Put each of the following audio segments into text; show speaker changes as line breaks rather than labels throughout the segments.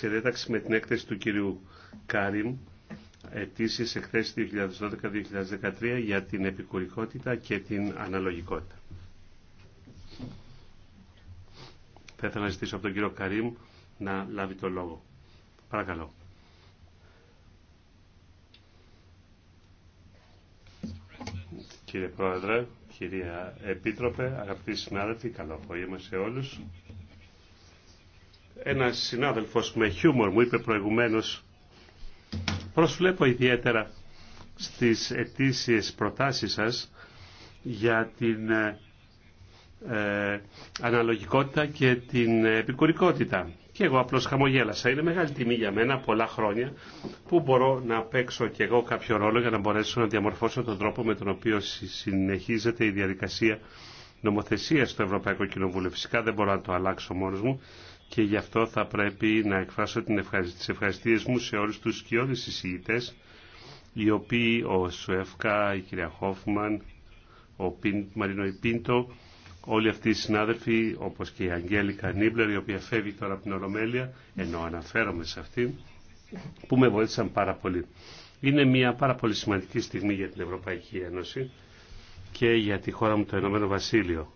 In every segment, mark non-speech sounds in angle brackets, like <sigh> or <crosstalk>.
συνέταξη με την έκθεση του κυρίου Κάριμ, ετήσει εκθέσεις 2012-2013 για την επικουρικότητα και την αναλογικότητα. Θα ήθελα να ζητήσω από τον κύριο Καρίμ να λάβει το λόγο. Παρακαλώ. Κύριε Πρόεδρε, κυρία Επίτροπε, αγαπητοί συνάδελφοι, καλό απόγευμα σε όλους ένας συνάδελφος με χιούμορ μου είπε προηγουμένως προσβλέπω ιδιαίτερα στις ετήσιες προτάσεις σας για την ε, ε, αναλογικότητα και την επικουρικότητα. Και εγώ απλώς χαμογέλασα. Είναι μεγάλη τιμή για μένα πολλά χρόνια που μπορώ να παίξω και εγώ κάποιο ρόλο για να μπορέσω να διαμορφώσω τον τρόπο με τον οποίο συνεχίζεται η διαδικασία νομοθεσίας στο Ευρωπαϊκό Κοινοβούλιο. Φυσικά δεν μπορώ να το αλλάξω μόνος μου και γι' αυτό θα πρέπει να εκφράσω την τις ευχαριστίες μου σε όλους τους τις συζητές, οι οποίοι ο Σουεύκα, η κυρία Χόφμαν, ο Πιν, Μαρίνο Ιππίντο, όλοι αυτοί οι συνάδελφοι όπως και η Αγγέλικα Νίμπλερ η οποία φεύγει τώρα από την Ολομέλεια ενώ αναφέρομαι σε αυτήν που με βοήθησαν πάρα πολύ. Είναι μια πάρα πολύ σημαντική στιγμή για την Ευρωπαϊκή Ένωση και για τη χώρα μου το Ενωμένο Βασίλειο.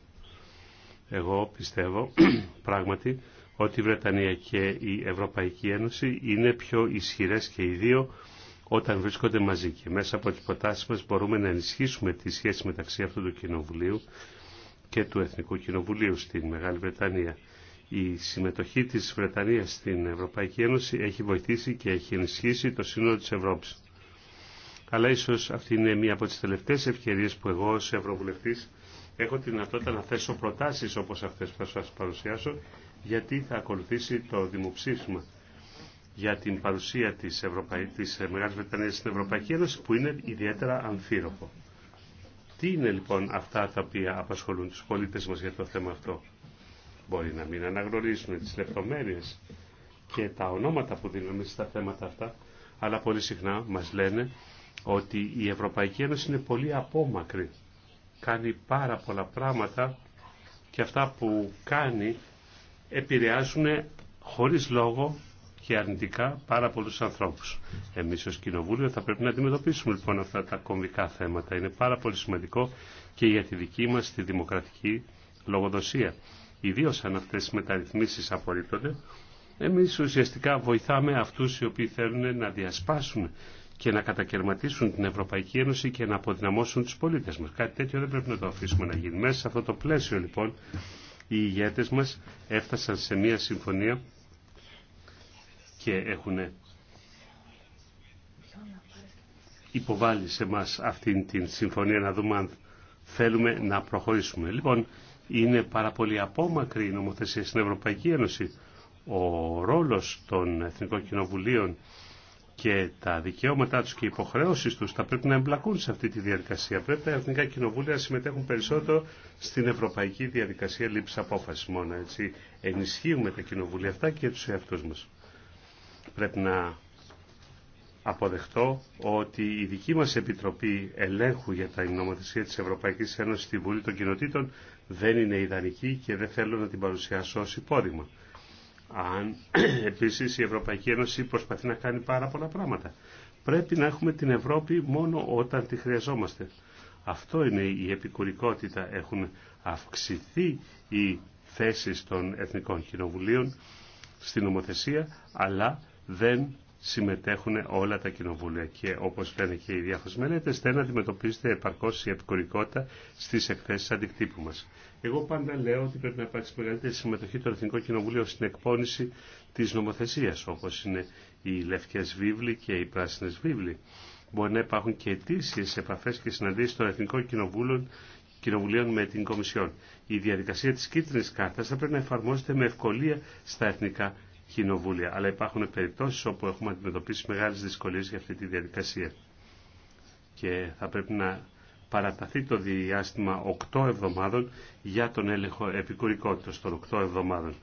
Εγώ πιστεύω <clears throat> πράγματι ότι η Βρετανία και η Ευρωπαϊκή Ένωση είναι πιο ισχυρές και οι δύο όταν βρίσκονται μαζί και μέσα από τις προτάσεις μας μπορούμε να ενισχύσουμε τη σχέση μεταξύ αυτού του Κοινοβουλίου και του Εθνικού Κοινοβουλίου στην Μεγάλη Βρετανία. Η συμμετοχή της Βρετανίας στην Ευρωπαϊκή Ένωση έχει βοηθήσει και έχει ενισχύσει το σύνολο της Ευρώπης. Αλλά ίσως αυτή είναι μία από τις τελευταίες ευκαιρίες που εγώ ως Ευρωβουλευτής έχω τη δυνατότητα να θέσω προτάσεις όπως αυτές που θα σας παρουσιάσω γιατί θα ακολουθήσει το δημοψήφισμα για την παρουσία της, μεγάλη βρετανία Μεγάλης στην Ευρωπαϊκή Ένωση που είναι ιδιαίτερα αμφίροπο. Τι είναι λοιπόν αυτά τα οποία απασχολούν τους πολίτες μας για το θέμα αυτό. Μπορεί να μην αναγνωρίσουν τις λεπτομέρειες και τα ονόματα που δίνουμε στα θέματα αυτά, αλλά πολύ συχνά μας λένε ότι η Ευρωπαϊκή Ένωση είναι πολύ απόμακρη. Κάνει πάρα πολλά πράγματα και αυτά που κάνει επηρεάζουν χωρίς λόγο και αρνητικά πάρα πολλούς ανθρώπους. Εμείς ως Κοινοβούλιο θα πρέπει να αντιμετωπίσουμε λοιπόν αυτά τα κομβικά θέματα. Είναι πάρα πολύ σημαντικό και για τη δική μας τη δημοκρατική λογοδοσία. Ιδίω αν αυτές οι μεταρρυθμίσεις απορρίπτονται, εμείς ουσιαστικά βοηθάμε αυτούς οι οποίοι θέλουν να διασπάσουν και να κατακαιρματίσουν την Ευρωπαϊκή Ένωση και να αποδυναμώσουν τους πολίτες μας. Κάτι τέτοιο δεν πρέπει να το αφήσουμε να γίνει. Μέσα σε αυτό το πλαίσιο λοιπόν οι ηγέτες μας έφτασαν σε μία συμφωνία και έχουν υποβάλει σε μας αυτήν την συμφωνία να δούμε αν θέλουμε να προχωρήσουμε. Λοιπόν, είναι πάρα πολύ απόμακρη η νομοθεσία στην Ευρωπαϊκή Ένωση. Ο ρόλος των Εθνικών Κοινοβουλίων και τα δικαιώματά τους και οι υποχρεώσεις τους θα πρέπει να εμπλακούν σε αυτή τη διαδικασία. Πρέπει τα εθνικά κοινοβούλια να συμμετέχουν περισσότερο στην ευρωπαϊκή διαδικασία λήψης απόφασης μόνο. Έτσι ενισχύουμε τα κοινοβούλια αυτά και τους εαυτούς μας. Πρέπει να αποδεχτώ ότι η δική μας Επιτροπή Ελέγχου για τα Νομοθεσία της Ευρωπαϊκής Ένωσης στη Βουλή των Κοινοτήτων δεν είναι ιδανική και δεν θέλω να την παρουσιάσω ως υπόδειγμα αν <clears throat> επίσης η Ευρωπαϊκή Ένωση προσπαθεί να κάνει πάρα πολλά πράγματα. Πρέπει να έχουμε την Ευρώπη μόνο όταν τη χρειαζόμαστε. Αυτό είναι η επικουρικότητα. Έχουν αυξηθεί οι θέσεις των Εθνικών Κοινοβουλίων στην νομοθεσία, αλλά δεν συμμετέχουν όλα τα κοινοβούλια. Και όπως λένε και οι διάφορες μελέτες, δεν αντιμετωπίζεται επαρκώς η επικουρικότητα στις εκθέσεις αντικτύπου μας. Εγώ πάντα λέω ότι πρέπει να υπάρξει μεγαλύτερη συμμετοχή των Εθνικών Κοινοβουλίων στην εκπόνηση τη νομοθεσία, όπω είναι οι λευκές βίβλοι και οι πράσινε βίβλοι. Μπορεί να υπάρχουν και αιτήσεις επαφέ και συναντήσει των Εθνικών Κοινοβούλων Κοινοβουλίων με την Κομισιόν. Η διαδικασία της κίτρινης κάρτας θα πρέπει να εφαρμόζεται με ευκολία στα εθνικά κοινοβούλια. Αλλά υπάρχουν περιπτώσεις όπου έχουμε αντιμετωπίσει μεγάλες δυσκολίες για αυτή τη διαδικασία. Και θα πρέπει να παραταθεί το διάστημα 8 εβδομάδων για τον έλεγχο επικουρικότητας των 8 εβδομάδων.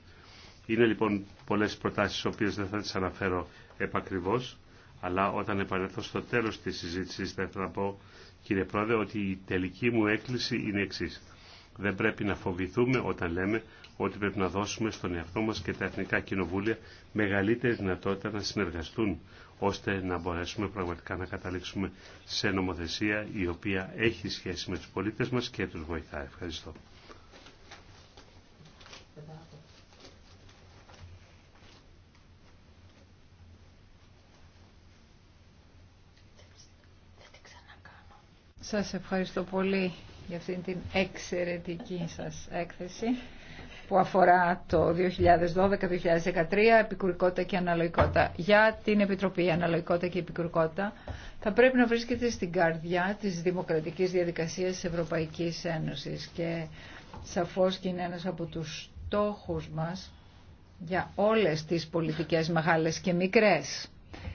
Είναι λοιπόν πολλές προτάσεις, τις οποίες δεν θα τις αναφέρω επακριβώς, αλλά όταν επανέλθω στο τέλος της συζήτησης θα ήθελα να πω, κύριε Πρόεδρε, ότι η τελική μου έκκληση είναι εξή. Δεν πρέπει να φοβηθούμε όταν λέμε ότι πρέπει να δώσουμε στον εαυτό μας και τα εθνικά κοινοβούλια μεγαλύτερη δυνατότητα να συνεργαστούν ώστε να μπορέσουμε πραγματικά να καταλήξουμε σε νομοθεσία η οποία έχει σχέση με τους πολίτες μας και τους βοηθά. Ευχαριστώ.
Σας ευχαριστώ πολύ για αυτήν την εξαιρετική σας έκθεση που αφορά το 2012-2013, επικουρικότητα και αναλογικότητα. Για την Επιτροπή Αναλογικότητα και Επικουρικότητα θα πρέπει να βρίσκεται στην καρδιά της δημοκρατικής διαδικασίας της Ευρωπαϊκής Ένωσης και σαφώς και είναι ένας από τους στόχους μας για όλες τις πολιτικές μεγάλες και μικρές.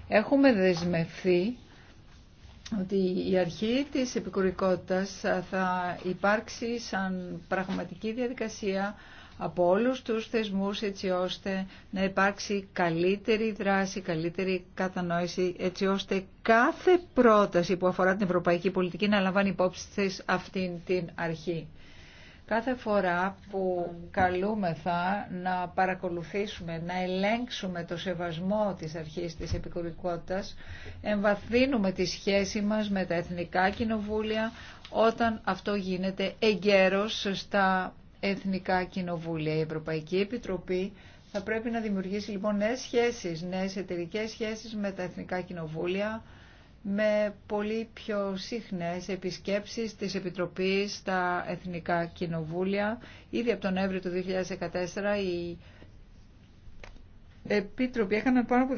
Έχουμε δεσμευθεί ότι η αρχή της επικουρικότητας θα υπάρξει σαν πραγματική διαδικασία από όλους τους θεσμούς έτσι ώστε να υπάρξει καλύτερη δράση, καλύτερη κατανόηση έτσι ώστε κάθε πρόταση που αφορά την ευρωπαϊκή πολιτική να λαμβάνει υπόψη της αυτήν την αρχή. Κάθε φορά που καλούμεθα να παρακολουθήσουμε, να ελέγξουμε το σεβασμό της αρχής της επικουρικότητας, εμβαθύνουμε τη σχέση μας με τα εθνικά κοινοβούλια όταν αυτό γίνεται εγκαίρος στα εθνικά κοινοβούλια. Η Ευρωπαϊκή Επιτροπή θα πρέπει να δημιουργήσει λοιπόν νέες σχέσεις, νέες εταιρικές σχέσεις με τα εθνικά κοινοβούλια, με πολύ πιο συχνές επισκέψεις της Επιτροπής στα Εθνικά Κοινοβούλια. Ήδη από τον Νοέμβριο του 2014 η επίτροποι έκαναν πάνω από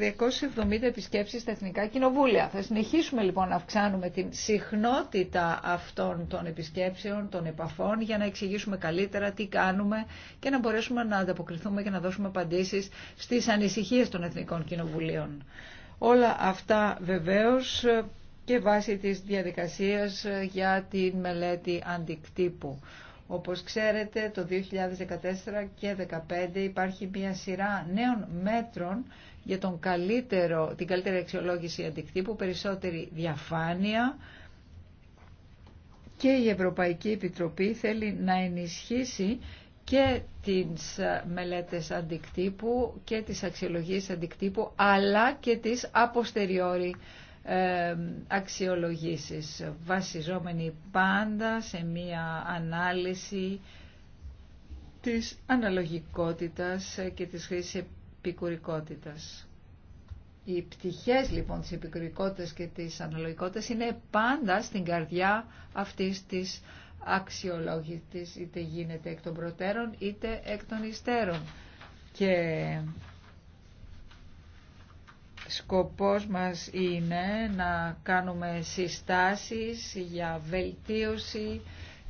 270 επισκέψεις στα Εθνικά Κοινοβούλια. Θα συνεχίσουμε λοιπόν να αυξάνουμε την συχνότητα αυτών των επισκέψεων, των επαφών, για να εξηγήσουμε καλύτερα τι κάνουμε και να μπορέσουμε να ανταποκριθούμε και να δώσουμε απαντήσεις στις ανησυχίες των Εθνικών Κοινοβουλίων. Όλα αυτά βεβαίως και βάσει της διαδικασίας για την μελέτη αντικτύπου. Όπως ξέρετε το 2014 και 2015 υπάρχει μια σειρά νέων μέτρων για τον καλύτερο, την καλύτερη αξιολόγηση αντικτύπου, περισσότερη διαφάνεια και η Ευρωπαϊκή Επιτροπή θέλει να ενισχύσει και τις μελέτες αντικτύπου και τις αξιολογίες αντικτύπου αλλά και τις αποστεριόρι αξιολογήσεις, βασιζόμενοι πάντα σε μία ανάλυση της αναλογικότητας και της χρήσης επικουρικότητας. Οι πτυχές λοιπόν της επικουρικότητας και της αναλογικότητας είναι πάντα στην καρδιά αυτής της αξιολόγητης, είτε γίνεται εκ των προτέρων είτε εκ των υστέρων. Και Σκοπός μας είναι να κάνουμε συστάσεις για βελτίωση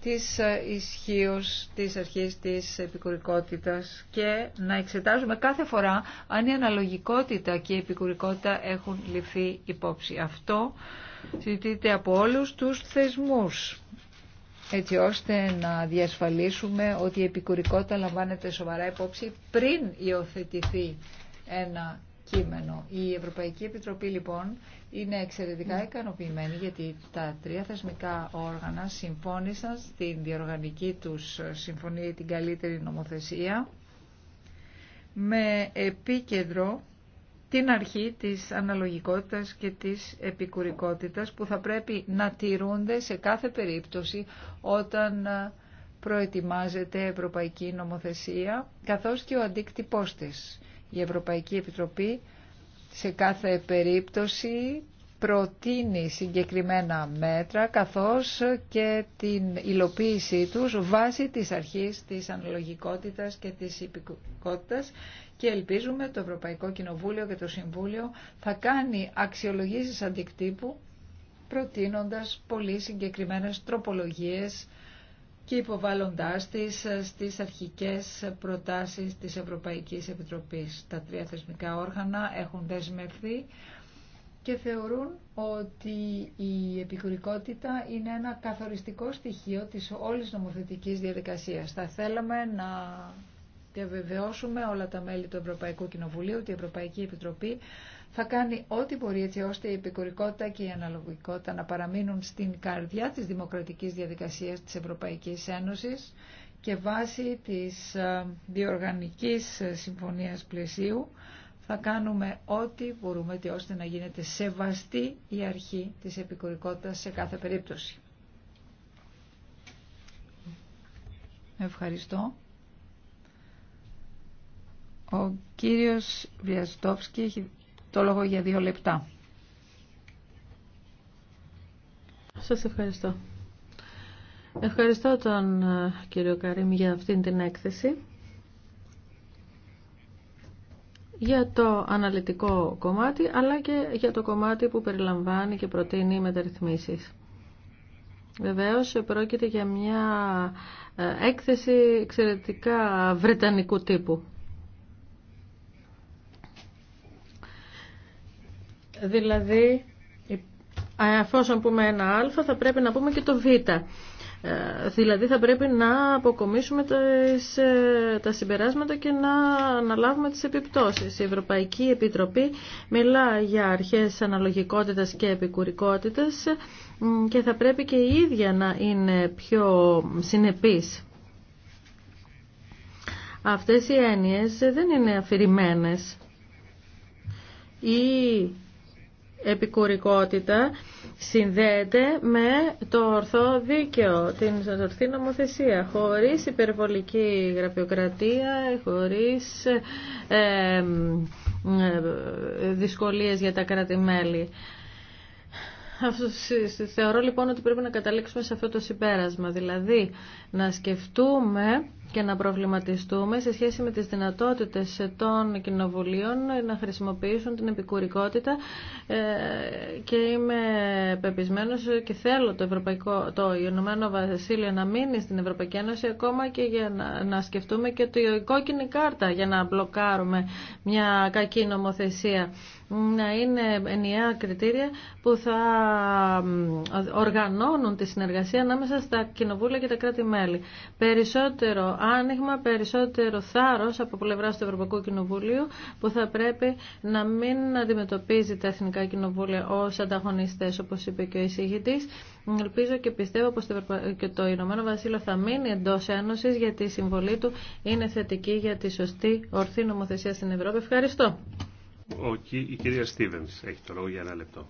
της ισχύω της αρχής της επικουρικότητας και να εξετάζουμε κάθε φορά αν η αναλογικότητα και η επικουρικότητα έχουν ληφθεί υπόψη. Αυτό ζητείται από όλους τους θεσμούς έτσι ώστε να διασφαλίσουμε ότι η επικουρικότητα λαμβάνεται σοβαρά υπόψη πριν υιοθετηθεί ένα κείμενο. Η Ευρωπαϊκή Επιτροπή λοιπόν είναι εξαιρετικά ικανοποιημένη γιατί τα τρία θεσμικά όργανα συμφώνησαν στην διοργανική τους συμφωνία την καλύτερη νομοθεσία με επίκεντρο την αρχή της αναλογικότητας και της επικουρικότητας που θα πρέπει να τηρούνται σε κάθε περίπτωση όταν προετοιμάζεται ευρωπαϊκή νομοθεσία καθώς και ο αντίκτυπός της. Η Ευρωπαϊκή Επιτροπή σε κάθε περίπτωση προτείνει συγκεκριμένα μέτρα καθώς και την υλοποίησή τους βάσει της αρχής της αναλογικότητας και της υπηκότητας και ελπίζουμε το Ευρωπαϊκό Κοινοβούλιο και το Συμβούλιο θα κάνει αξιολογήσεις αντικτύπου προτείνοντας πολύ συγκεκριμένες τροπολογίες και υποβάλλοντάς τις ε, στις αρχικές προτάσεις της Ευρωπαϊκής Επιτροπής. Τα τρία θεσμικά όργανα έχουν δεσμευθεί και θεωρούν ότι η επικουρικότητα είναι ένα καθοριστικό στοιχείο της όλης νομοθετικής διαδικασίας. Θα θέλαμε να διαβεβαιώσουμε όλα τα μέλη του Ευρωπαϊκού Κοινοβουλίου, ότι η Ευρωπαϊκή Επιτροπή θα κάνει ό,τι μπορεί έτσι ώστε η επικουρικότητα και η αναλογικότητα να παραμείνουν στην καρδιά της δημοκρατικής διαδικασίας της Ευρωπαϊκής Ένωσης και βάσει της ε, διοργανικής ε, συμφωνίας πλαισίου θα κάνουμε ό,τι μπορούμε έτσι ώστε να γίνεται σεβαστή η αρχή της επικουρικότητας σε κάθε περίπτωση. Ευχαριστώ. Ο κύριος Βιαστόφσκι έχει
το λόγο για δύο λεπτά. Σας ευχαριστώ. Ευχαριστώ τον ε, κύριο Καρύμ για αυτήν την έκθεση. Για το αναλυτικό κομμάτι, αλλά και για το κομμάτι που περιλαμβάνει και προτείνει μεταρρυθμίσεις. Βεβαίως, πρόκειται για μια ε, έκθεση εξαιρετικά βρετανικού τύπου. Δηλαδή, ε, εφόσον πούμε ένα α, θα πρέπει να πούμε και το β. Ε, δηλαδή θα πρέπει να αποκομίσουμε ε, τα συμπεράσματα και να αναλάβουμε τις επιπτώσεις. Η Ευρωπαϊκή Επιτροπή μιλά για αρχές αναλογικότητας και επικουρικότητας και θα πρέπει και η ίδια να είναι πιο συνεπής. Αυτές οι έννοιες δεν είναι αφηρημένες ή επικουρικότητα συνδέεται με το ορθό δίκαιο, την ορθή νομοθεσία, χωρίς υπερβολική γραφειοκρατία, χωρίς ε, δυσκολίες για τα κράτη-μέλη. Θεωρώ λοιπόν ότι πρέπει να καταλήξουμε σε αυτό το συμπέρασμα, δηλαδή να σκεφτούμε και να προβληματιστούμε σε σχέση με τις δυνατότητες των κοινοβουλίων να χρησιμοποιήσουν την επικουρικότητα ε, και είμαι πεπισμένος και θέλω το, Ευρωπαϊκό, το Ηνωμένο Βασίλειο να μείνει στην Ευρωπαϊκή Ένωση ακόμα και για να, να σκεφτούμε και το κόκκινη κάρτα για να μπλοκάρουμε μια κακή νομοθεσία να είναι ενιαία κριτήρια που θα οργανώνουν τη συνεργασία ανάμεσα στα κοινοβούλια και τα κράτη-μέλη. Περισσότερο άνοιγμα, περισσότερο θάρρος από πλευρά του Ευρωπαϊκού Κοινοβουλίου που θα πρέπει να μην αντιμετωπίζει τα εθνικά κοινοβούλια ως ανταγωνιστές όπως είπε και ο εισηγητής. Ελπίζω και πιστεύω πως και το Ηνωμένο Βασίλειο θα μείνει εντός Ένωσης γιατί η συμβολή του είναι θετική για τη σωστή ορθή νομοθεσία στην Ευρώπη. Ευχαριστώ.
Ο, η κυρία Στίβενς έχει το λόγο για ένα λεπτό.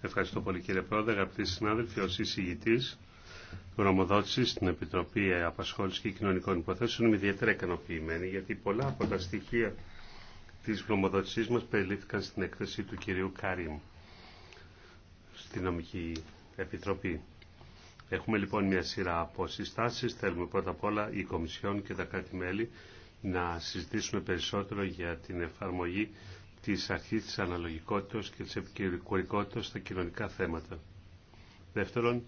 Ευχαριστώ πολύ κύριε Πρόεδρε, αγαπητοί συνάδελφοι, ως εισηγητής γνωμοδότηση στην Επιτροπή Απασχόληση και Κοινωνικών Υποθέσεων είμαι ιδιαίτερα ικανοποιημένη γιατί πολλά από τα στοιχεία τη γνωμοδότησή μα περιλήφθηκαν στην έκθεση του κυρίου Κάριμ στην Νομική Επιτροπή. Έχουμε λοιπόν μια σειρά από συστάσει. Θέλουμε πρώτα απ' όλα η Κομισιόν και τα κράτη-μέλη να συζητήσουμε περισσότερο για την εφαρμογή τη αρχή τη αναλογικότητα και της επικουρικότητας στα κοινωνικά θέματα. Δεύτερον,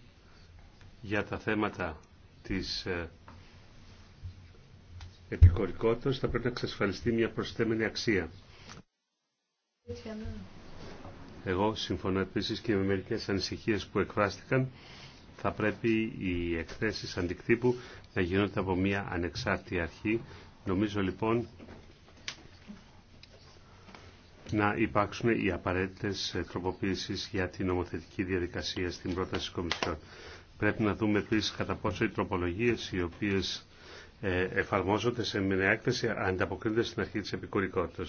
για τα θέματα της ε, επικορικότητας θα πρέπει να εξασφαλιστεί μια προσθέμενη αξία. Εγώ συμφωνώ επίση και με μερικές ανησυχίες που εκφράστηκαν. Θα πρέπει οι εκθέσεις αντικτύπου να γίνονται από μια ανεξάρτητη αρχή. Νομίζω λοιπόν να υπάρξουν οι απαραίτητες τροποποίησεις για την νομοθετική διαδικασία στην πρόταση της Πρέπει να δούμε επίση κατά πόσο οι τροπολογίε οι οποίε ε, εφαρμόζονται σε μια έκθεση ανταποκρίνονται στην αρχή τη επικουρικότητα.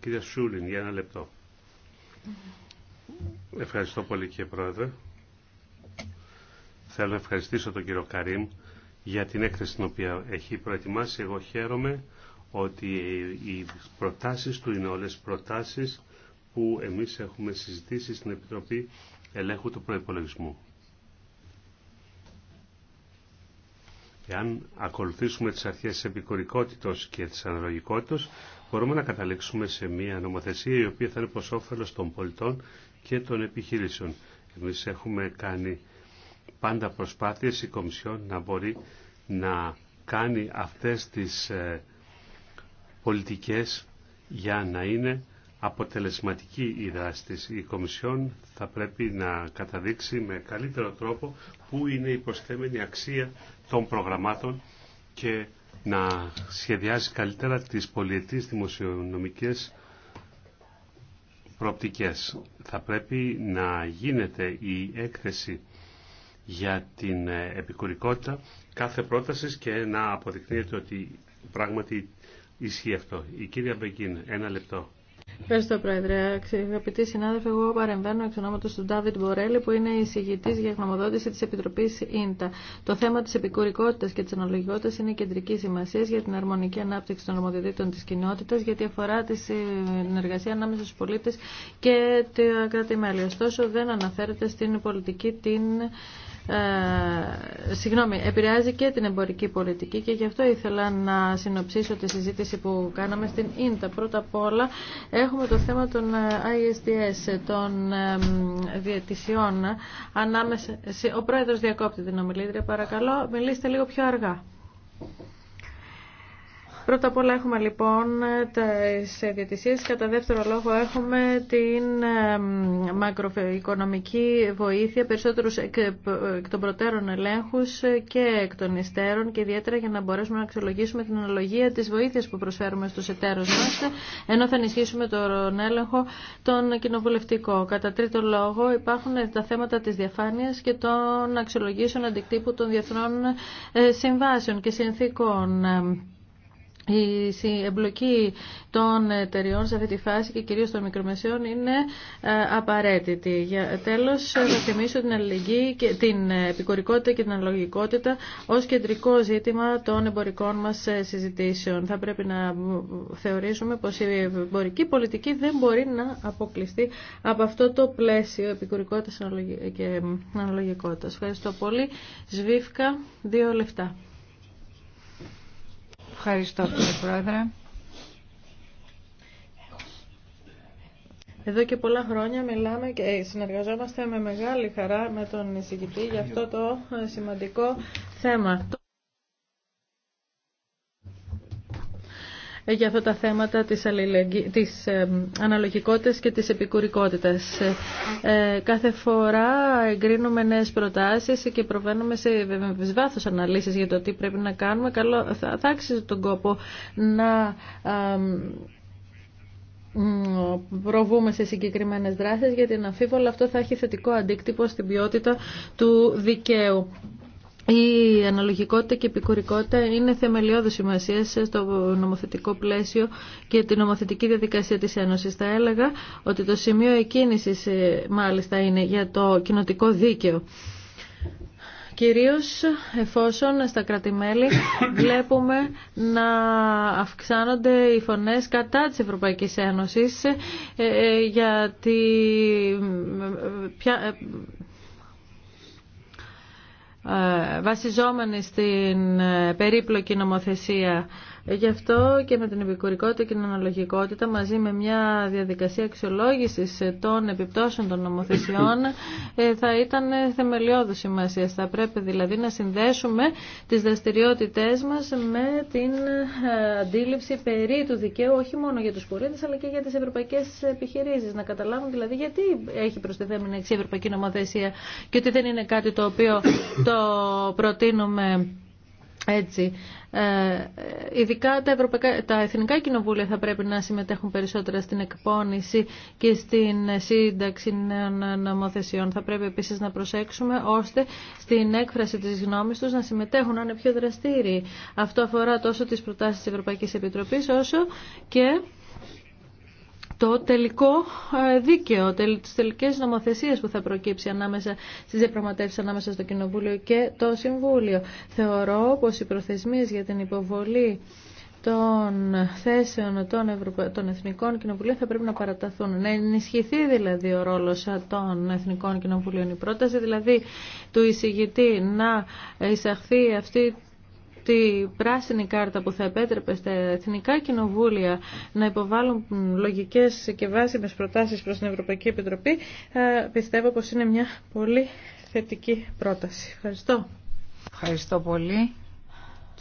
Κύριε Σούλιν, για ένα λεπτό. Ευχαριστώ πολύ κύριε Πρόεδρε. Θέλω να ευχαριστήσω τον κύριο Καρίμ για την έκθεση την οποία έχει προετοιμάσει. Εγώ χαίρομαι ότι οι προτάσεις του είναι όλες προτάσεις που εμείς έχουμε συζητήσει στην Επιτροπή Ελέγχου του Προϋπολογισμού. Εάν ακολουθήσουμε τις αρχές της και της αναλογικότητας, μπορούμε να καταλήξουμε σε μια νομοθεσία η οποία θα είναι προς όφελος των πολιτών και των επιχειρήσεων. Εμείς έχουμε κάνει πάντα προσπάθειες η Κομισιόν να μπορεί να κάνει αυτές τις ε, πολιτικές για να είναι αποτελεσματική η δράση Η Κομισιόν θα πρέπει να καταδείξει με καλύτερο τρόπο πού είναι η προσθέμενη αξία των προγραμμάτων και να σχεδιάζει καλύτερα τις πολιετής δημοσιονομικές προοπτικές. Θα πρέπει να γίνεται η έκθεση για την επικουρικότητα κάθε πρότασης και να αποδεικνύεται ότι πράγματι ισχύει αυτό. Η κυρία Μπεγκίν, ένα λεπτό.
Ευχαριστώ, Πρόεδρε. Αγαπητοί συνάδελφοι, εγώ παρεμβαίνω εξ ονόματο του Ντάβιτ Μπορέλη, που είναι εισηγητή για γνωμοδότηση τη Επιτροπή ΙΝΤΑ. Το θέμα τη επικουρικότητα και τη αναλογικότητα είναι κεντρική σημασία για την αρμονική ανάπτυξη των νομοθετήτων τη κοινότητα, γιατί αφορά τη συνεργασία ανάμεσα στου πολίτε και τα κράτη-μέλη. Ωστόσο, δεν αναφέρεται στην πολιτική την ε, συγγνώμη, επηρεάζει και την εμπορική πολιτική και γι' αυτό ήθελα να συνοψίσω τη συζήτηση που κάναμε στην ΙΝΤΑ. Πρώτα απ' όλα έχουμε το θέμα των ε, ISDS, των ε, διαιτησιών ανάμεσα... Ο πρόεδρος διακόπτει την ομιλήτρια, παρακαλώ, μιλήστε λίγο πιο αργά. Πρώτα απ' όλα έχουμε λοιπόν τις διατησίες, κατά δεύτερο λόγο έχουμε την μακροοικονομική βοήθεια, περισσότερους εκ των προτέρων ελέγχους και εκ των υστέρων και ιδιαίτερα για να μπορέσουμε να αξιολογήσουμε την αναλογία της βοήθειας που προσφέρουμε στους εταίρους μας, ενώ θα ενισχύσουμε τον έλεγχο τον κοινοβουλευτικό. Κατά τρίτο λόγο υπάρχουν τα θέματα της διαφάνειας και των αξιολογήσεων αντικτύπου των διεθνών ε, συμβάσεων και συνθήκων. Η εμπλοκή των εταιριών σε αυτή τη φάση και κυρίως των μικρομεσαίων είναι ε, απαραίτητη. Για, τέλος, ε, θα θυμίσω την, αλληλεγγύη και, την επικορικότητα και την αναλογικότητα ως κεντρικό ζήτημα των εμπορικών μας ε, συζητήσεων. Θα πρέπει να θεωρήσουμε πως η εμπορική πολιτική δεν μπορεί να αποκλειστεί από αυτό το πλαίσιο επικορικότητας και αναλογικότητας. Ευχαριστώ πολύ. Σβίφκα, δύο λεφτά. Ευχαριστώ κύριε Πρόεδρε. Εδώ και πολλά χρόνια μιλάμε και ε, συνεργαζόμαστε με μεγάλη χαρά με τον εισηγητή για αυτό το ε, σημαντικό θέμα. για αυτά τα θέματα της, αλληλεγγύ... της ε, αναλογικότητας και της επικουρικότητας. Ε, κάθε φορά εγκρίνουμε νέες προτάσεις και προβαίνουμε σε βάθος αναλύσεις για το τι πρέπει να κάνουμε. Καλό... Θα άξιζε τον κόπο να προβούμε σε συγκεκριμένες δράσεις γιατί αμφίβολα αυτό θα έχει θετικό αντίκτυπο στην ποιότητα του δικαίου. Η αναλογικότητα και η επικουρικότητα είναι θεμελιώδη σημασία στο νομοθετικό πλαίσιο και την νομοθετική διαδικασία της Ένωσης. Θα έλεγα ότι το σημείο εκκίνησης ε, μάλιστα είναι για το κοινοτικό δίκαιο. Κυρίως εφόσον στα κρατημέλη <coughs> βλέπουμε να αυξάνονται οι φωνές κατά της Ευρωπαϊκής Ένωσης ε, ε, γιατί ε, βασιζόμενοι στην ε, περίπλοκη νομοθεσία Γι' αυτό και με την επικουρικότητα και την αναλογικότητα μαζί με μια διαδικασία αξιολόγησης ε, των επιπτώσεων των νομοθεσιών ε, θα ήταν θεμελιώδη σημασία. Θα πρέπει δηλαδή να συνδέσουμε τις δραστηριότητές μας με την ε, αντίληψη περί του δικαίου όχι μόνο για τους πολίτες αλλά και για τις ευρωπαϊκές επιχειρήσεις. Να καταλάβουν δηλαδή γιατί έχει προστιθέμενη εξή ευρωπαϊκή νομοθεσία και ότι δεν είναι κάτι το οποίο το προτείνουμε έτσι, ε, ειδικά τα, ευρωπαϊκά, τα εθνικά κοινοβούλια θα πρέπει να συμμετέχουν περισσότερα στην εκπόνηση και στην σύνταξη νέων νομοθεσιών. Θα πρέπει επίσης να προσέξουμε ώστε στην έκφραση της γνώμης τους να συμμετέχουν, να είναι πιο δραστήριοι. Αυτό αφορά τόσο τις προτάσεις της Ευρωπαϊκής Επιτροπής όσο και το τελικό ε, δίκαιο, τις τελικές νομοθεσίες που θα προκύψει ανάμεσα στις διαπραγματεύσεις ανάμεσα στο Κοινοβούλιο και το Συμβούλιο. Θεωρώ πως οι προθεσμίες για την υποβολή των θέσεων των, των Εθνικών Κοινοβουλίων θα πρέπει να παραταθούν. Να ενισχυθεί δηλαδή ο ρόλος των Εθνικών Κοινοβουλίων. Η πρόταση δηλαδή του εισηγητή να εισαχθεί αυτή τη πράσινη κάρτα που θα επέτρεπε στα εθνικά κοινοβούλια να υποβάλουν λογικές και βάσιμες προτάσεις προς την Ευρωπαϊκή Επιτροπή, ε, πιστεύω πως είναι μια πολύ θετική πρόταση. Ευχαριστώ. Ευχαριστώ πολύ.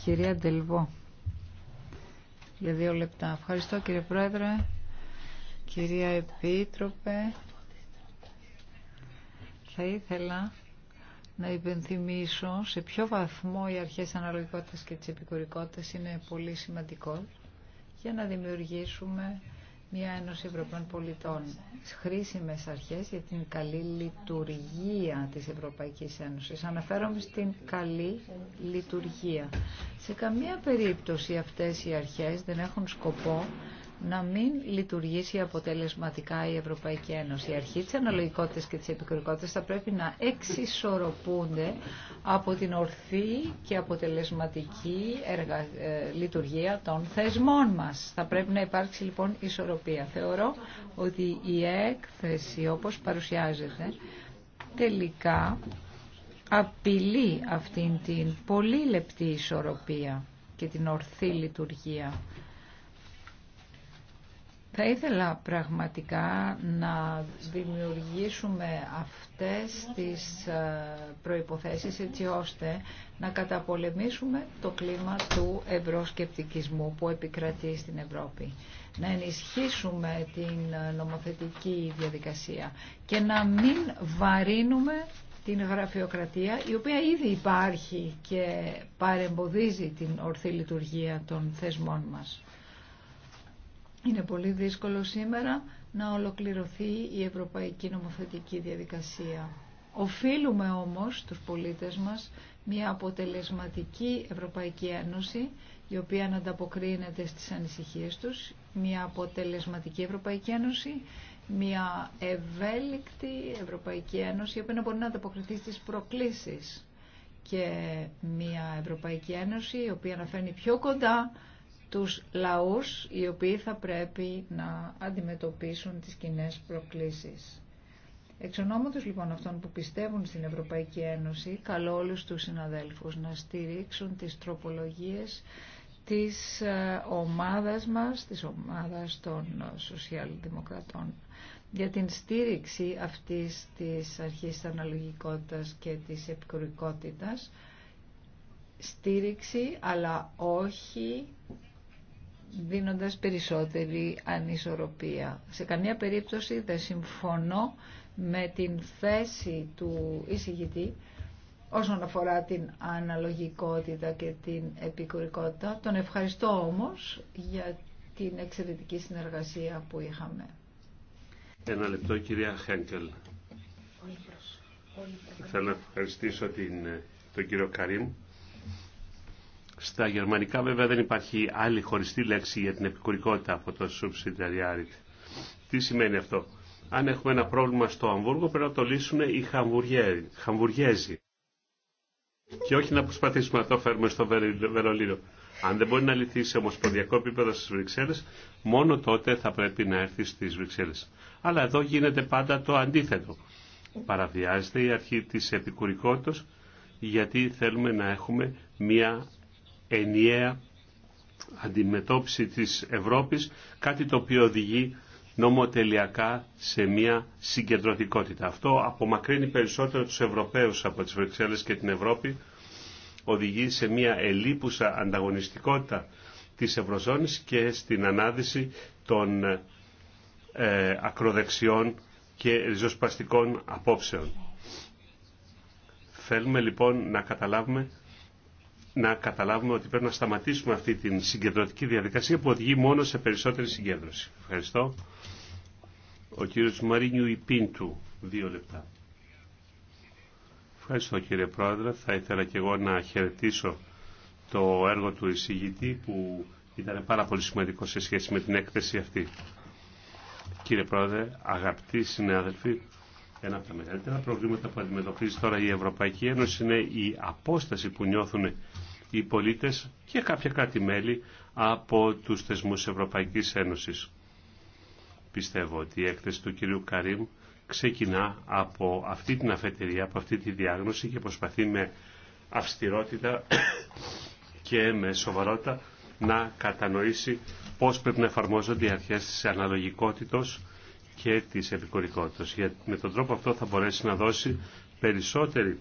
Κυρία Ντελβό, για δύο λεπτά. Ευχαριστώ κύριε Πρόεδρε, κυρία Επίτροπε. Θα ήθελα να υπενθυμίσω σε ποιο βαθμό οι αρχές αναλογικότητας και της επικουρικότητας είναι πολύ σημαντικό για να δημιουργήσουμε μια Ένωση Ευρωπαίων Πολιτών. Χρήσιμες αρχές για την καλή λειτουργία της Ευρωπαϊκής Ένωσης. Αναφέρομαι στην καλή λειτουργία. Σε καμία περίπτωση αυτές οι αρχές δεν έχουν σκοπό να μην λειτουργήσει αποτελεσματικά η Ευρωπαϊκή Ένωση. Η αρχή της αναλογικότητας και της επικουρικότητας θα πρέπει να εξισορροπούνται από την ορθή και αποτελεσματική ε, λειτουργία των θεσμών μας. Θα πρέπει να υπάρξει λοιπόν ισορροπία. Θεωρώ ότι η έκθεση όπως παρουσιάζεται τελικά απειλεί αυτήν την πολύ λεπτή ισορροπία και την ορθή λειτουργία θα ήθελα πραγματικά να δημιουργήσουμε αυτές τις ε, προϋποθέσεις έτσι ώστε να καταπολεμήσουμε το κλίμα του ευρωσκεπτικισμού που επικρατεί στην Ευρώπη. Να ενισχύσουμε την νομοθετική διαδικασία και να μην βαρύνουμε την γραφειοκρατία η οποία ήδη υπάρχει και παρεμποδίζει την ορθή λειτουργία των θεσμών μας. Είναι πολύ δύσκολο σήμερα να ολοκληρωθεί η ευρωπαϊκή νομοθετική διαδικασία. Οφείλουμε όμως τους πολίτες μας μια αποτελεσματική Ευρωπαϊκή Ένωση η οποία να ανταποκρίνεται στις ανησυχίες τους, μια αποτελεσματική Ευρωπαϊκή Ένωση, μια ευέλικτη Ευρωπαϊκή Ένωση η οποία να μπορεί να ανταποκριθεί στις προκλήσεις και μια Ευρωπαϊκή Ένωση η οποία να φέρνει πιο κοντά τους λαούς οι οποίοι θα πρέπει να αντιμετωπίσουν τις κοινέ προκλήσεις. Εξ λοιπόν αυτών που πιστεύουν στην Ευρωπαϊκή Ένωση, καλώ όλους τους συναδέλφους να στηρίξουν τις τροπολογίες της ε, ομάδας μας, της ομάδας των σοσιαλδημοκρατών για την στήριξη αυτής της αρχής της αναλογικότητας και της επικουρικότητας στήριξη αλλά όχι δίνοντας περισσότερη ανισορροπία. Σε καμία περίπτωση δεν συμφωνώ με την θέση του εισηγητή όσον αφορά την αναλογικότητα και την επικουρικότητα. Τον ευχαριστώ όμως για την εξαιρετική συνεργασία που είχαμε.
Ένα λεπτό κυρία Χένκελ. Θέλω να ευχαριστήσω την, τον κύριο Καρύμ στα γερμανικά βέβαια δεν υπάρχει άλλη χωριστή λέξη για την επικουρικότητα από το subsidiarity. Τι σημαίνει αυτό. Αν έχουμε ένα πρόβλημα στο Αμβούργο πρέπει να το λύσουν οι Χαμβουργέζοι. Και όχι να προσπαθήσουμε να το φέρουμε στο Βερολίνο. Αν δεν μπορεί να λυθεί σε ομοσπονδιακό επίπεδο στι Βρυξέλλε, μόνο τότε θα πρέπει να έρθει στι Βρυξέλλε. Αλλά εδώ γίνεται πάντα το αντίθετο. Παραβιάζεται η αρχή τη επικουρικότητα γιατί θέλουμε να έχουμε μια ενιαία αντιμετώπιση της Ευρώπης, κάτι το οποίο οδηγεί νομοτελειακά σε μια συγκεντρωτικότητα. Αυτό απομακρύνει περισσότερο τους Ευρωπαίους από τις Βρυξέλλες και την Ευρώπη, οδηγεί σε μια ελίπουσα ανταγωνιστικότητα της Ευρωζώνης και στην ανάδυση των ε, ακροδεξιών και ριζοσπαστικών απόψεων. Θέλουμε λοιπόν να καταλάβουμε να καταλάβουμε ότι πρέπει να σταματήσουμε αυτή την συγκεντρωτική διαδικασία που οδηγεί μόνο σε περισσότερη συγκέντρωση. Ευχαριστώ. Ο κύριος Μαρίνιου Ιππίντου, δύο λεπτά. Ευχαριστώ κύριε Πρόεδρε. Θα ήθελα και εγώ να χαιρετήσω το έργο του εισηγητή που ήταν πάρα πολύ σημαντικό σε σχέση με την έκθεση αυτή. Κύριε Πρόεδρε, αγαπητοί συνάδελφοι, ένα από τα μεγαλύτερα προβλήματα που αντιμετωπίζει τώρα η Ευρωπαϊκή Ένωση είναι η απόσταση που νιώθουν οι πολίτες και κάποια κράτη-μέλη από τους θεσμούς Ευρωπαϊκής Ένωσης. Πιστεύω ότι η έκθεση του κυρίου Καρύμ ξεκινά από αυτή την αφετηρία, από αυτή τη διάγνωση και προσπαθεί με αυστηρότητα και με σοβαρότητα να κατανοήσει πώς πρέπει να εφαρμόζονται οι αρχές της αναλογικότητος και της επικουρικότητας. Γιατί με τον τρόπο αυτό θα μπορέσει να δώσει περισσότερη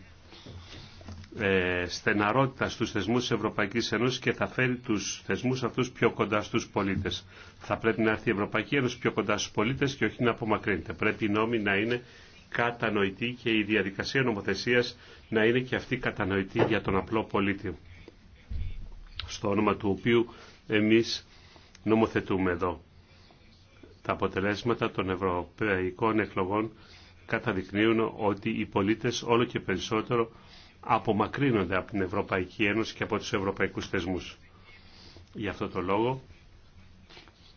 ε, στεναρότητα στους θεσμούς της Ευρωπαϊκής Ένωσης και θα φέρει τους θεσμούς αυτούς πιο κοντά στους πολίτες. Θα πρέπει να έρθει η Ευρωπαϊκή Ένωση πιο κοντά στους πολίτες και όχι να απομακρύνεται. Πρέπει οι νόμοι να είναι κατανοητοί και η διαδικασία νομοθεσίας να είναι και αυτή κατανοητή για τον απλό πολίτη στο όνομα του οποίου εμείς νομοθετούμε εδώ. Τα αποτελέσματα των ευρωπαϊκών εκλογών καταδεικνύουν ότι οι πολίτες όλο και περισσότερο απομακρύνονται από την Ευρωπαϊκή Ένωση και από τους ευρωπαϊκούς θεσμούς. Γι' αυτό το λόγο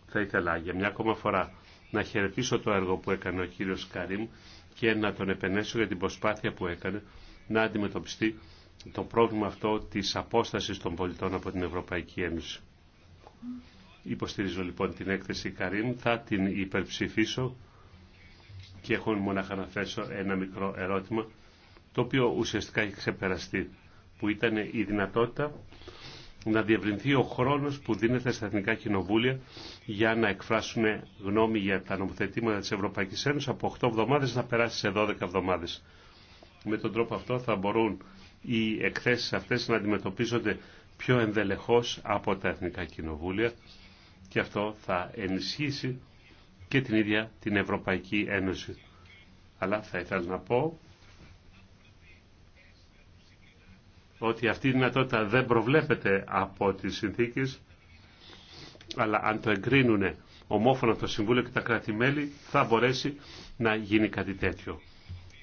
θα ήθελα για μια ακόμα φορά να χαιρετήσω το έργο που έκανε ο κύριος Καρίμ και να τον επενέσω για την προσπάθεια που έκανε να αντιμετωπιστεί το πρόβλημα αυτό της απόστασης των πολιτών από την Ευρωπαϊκή Ένωση. Υποστηρίζω λοιπόν την έκθεση Καρίν, θα την υπερψηφίσω και έχω μονάχα να θέσω ένα μικρό ερώτημα το οποίο ουσιαστικά έχει ξεπεραστεί που ήταν η δυνατότητα να διευρυνθεί ο χρόνος που δίνεται στα εθνικά κοινοβούλια για να εκφράσουν γνώμη για τα νομοθετήματα της Ευρωπαϊκής Ένωσης από 8 εβδομάδες να περάσει σε 12 εβδομάδες. Με τον τρόπο αυτό θα μπορούν οι εκθέσεις αυτές να αντιμετωπίζονται πιο ενδελεχώς από τα εθνικά κοινοβούλια και αυτό θα ενισχύσει και την ίδια την Ευρωπαϊκή Ένωση. Αλλά θα ήθελα να πω ότι αυτή η δυνατότητα δεν προβλέπεται από τις συνθήκες, αλλά αν το εγκρίνουν ομόφωνα το Συμβούλιο και τα κράτη-μέλη, θα μπορέσει να γίνει κάτι τέτοιο.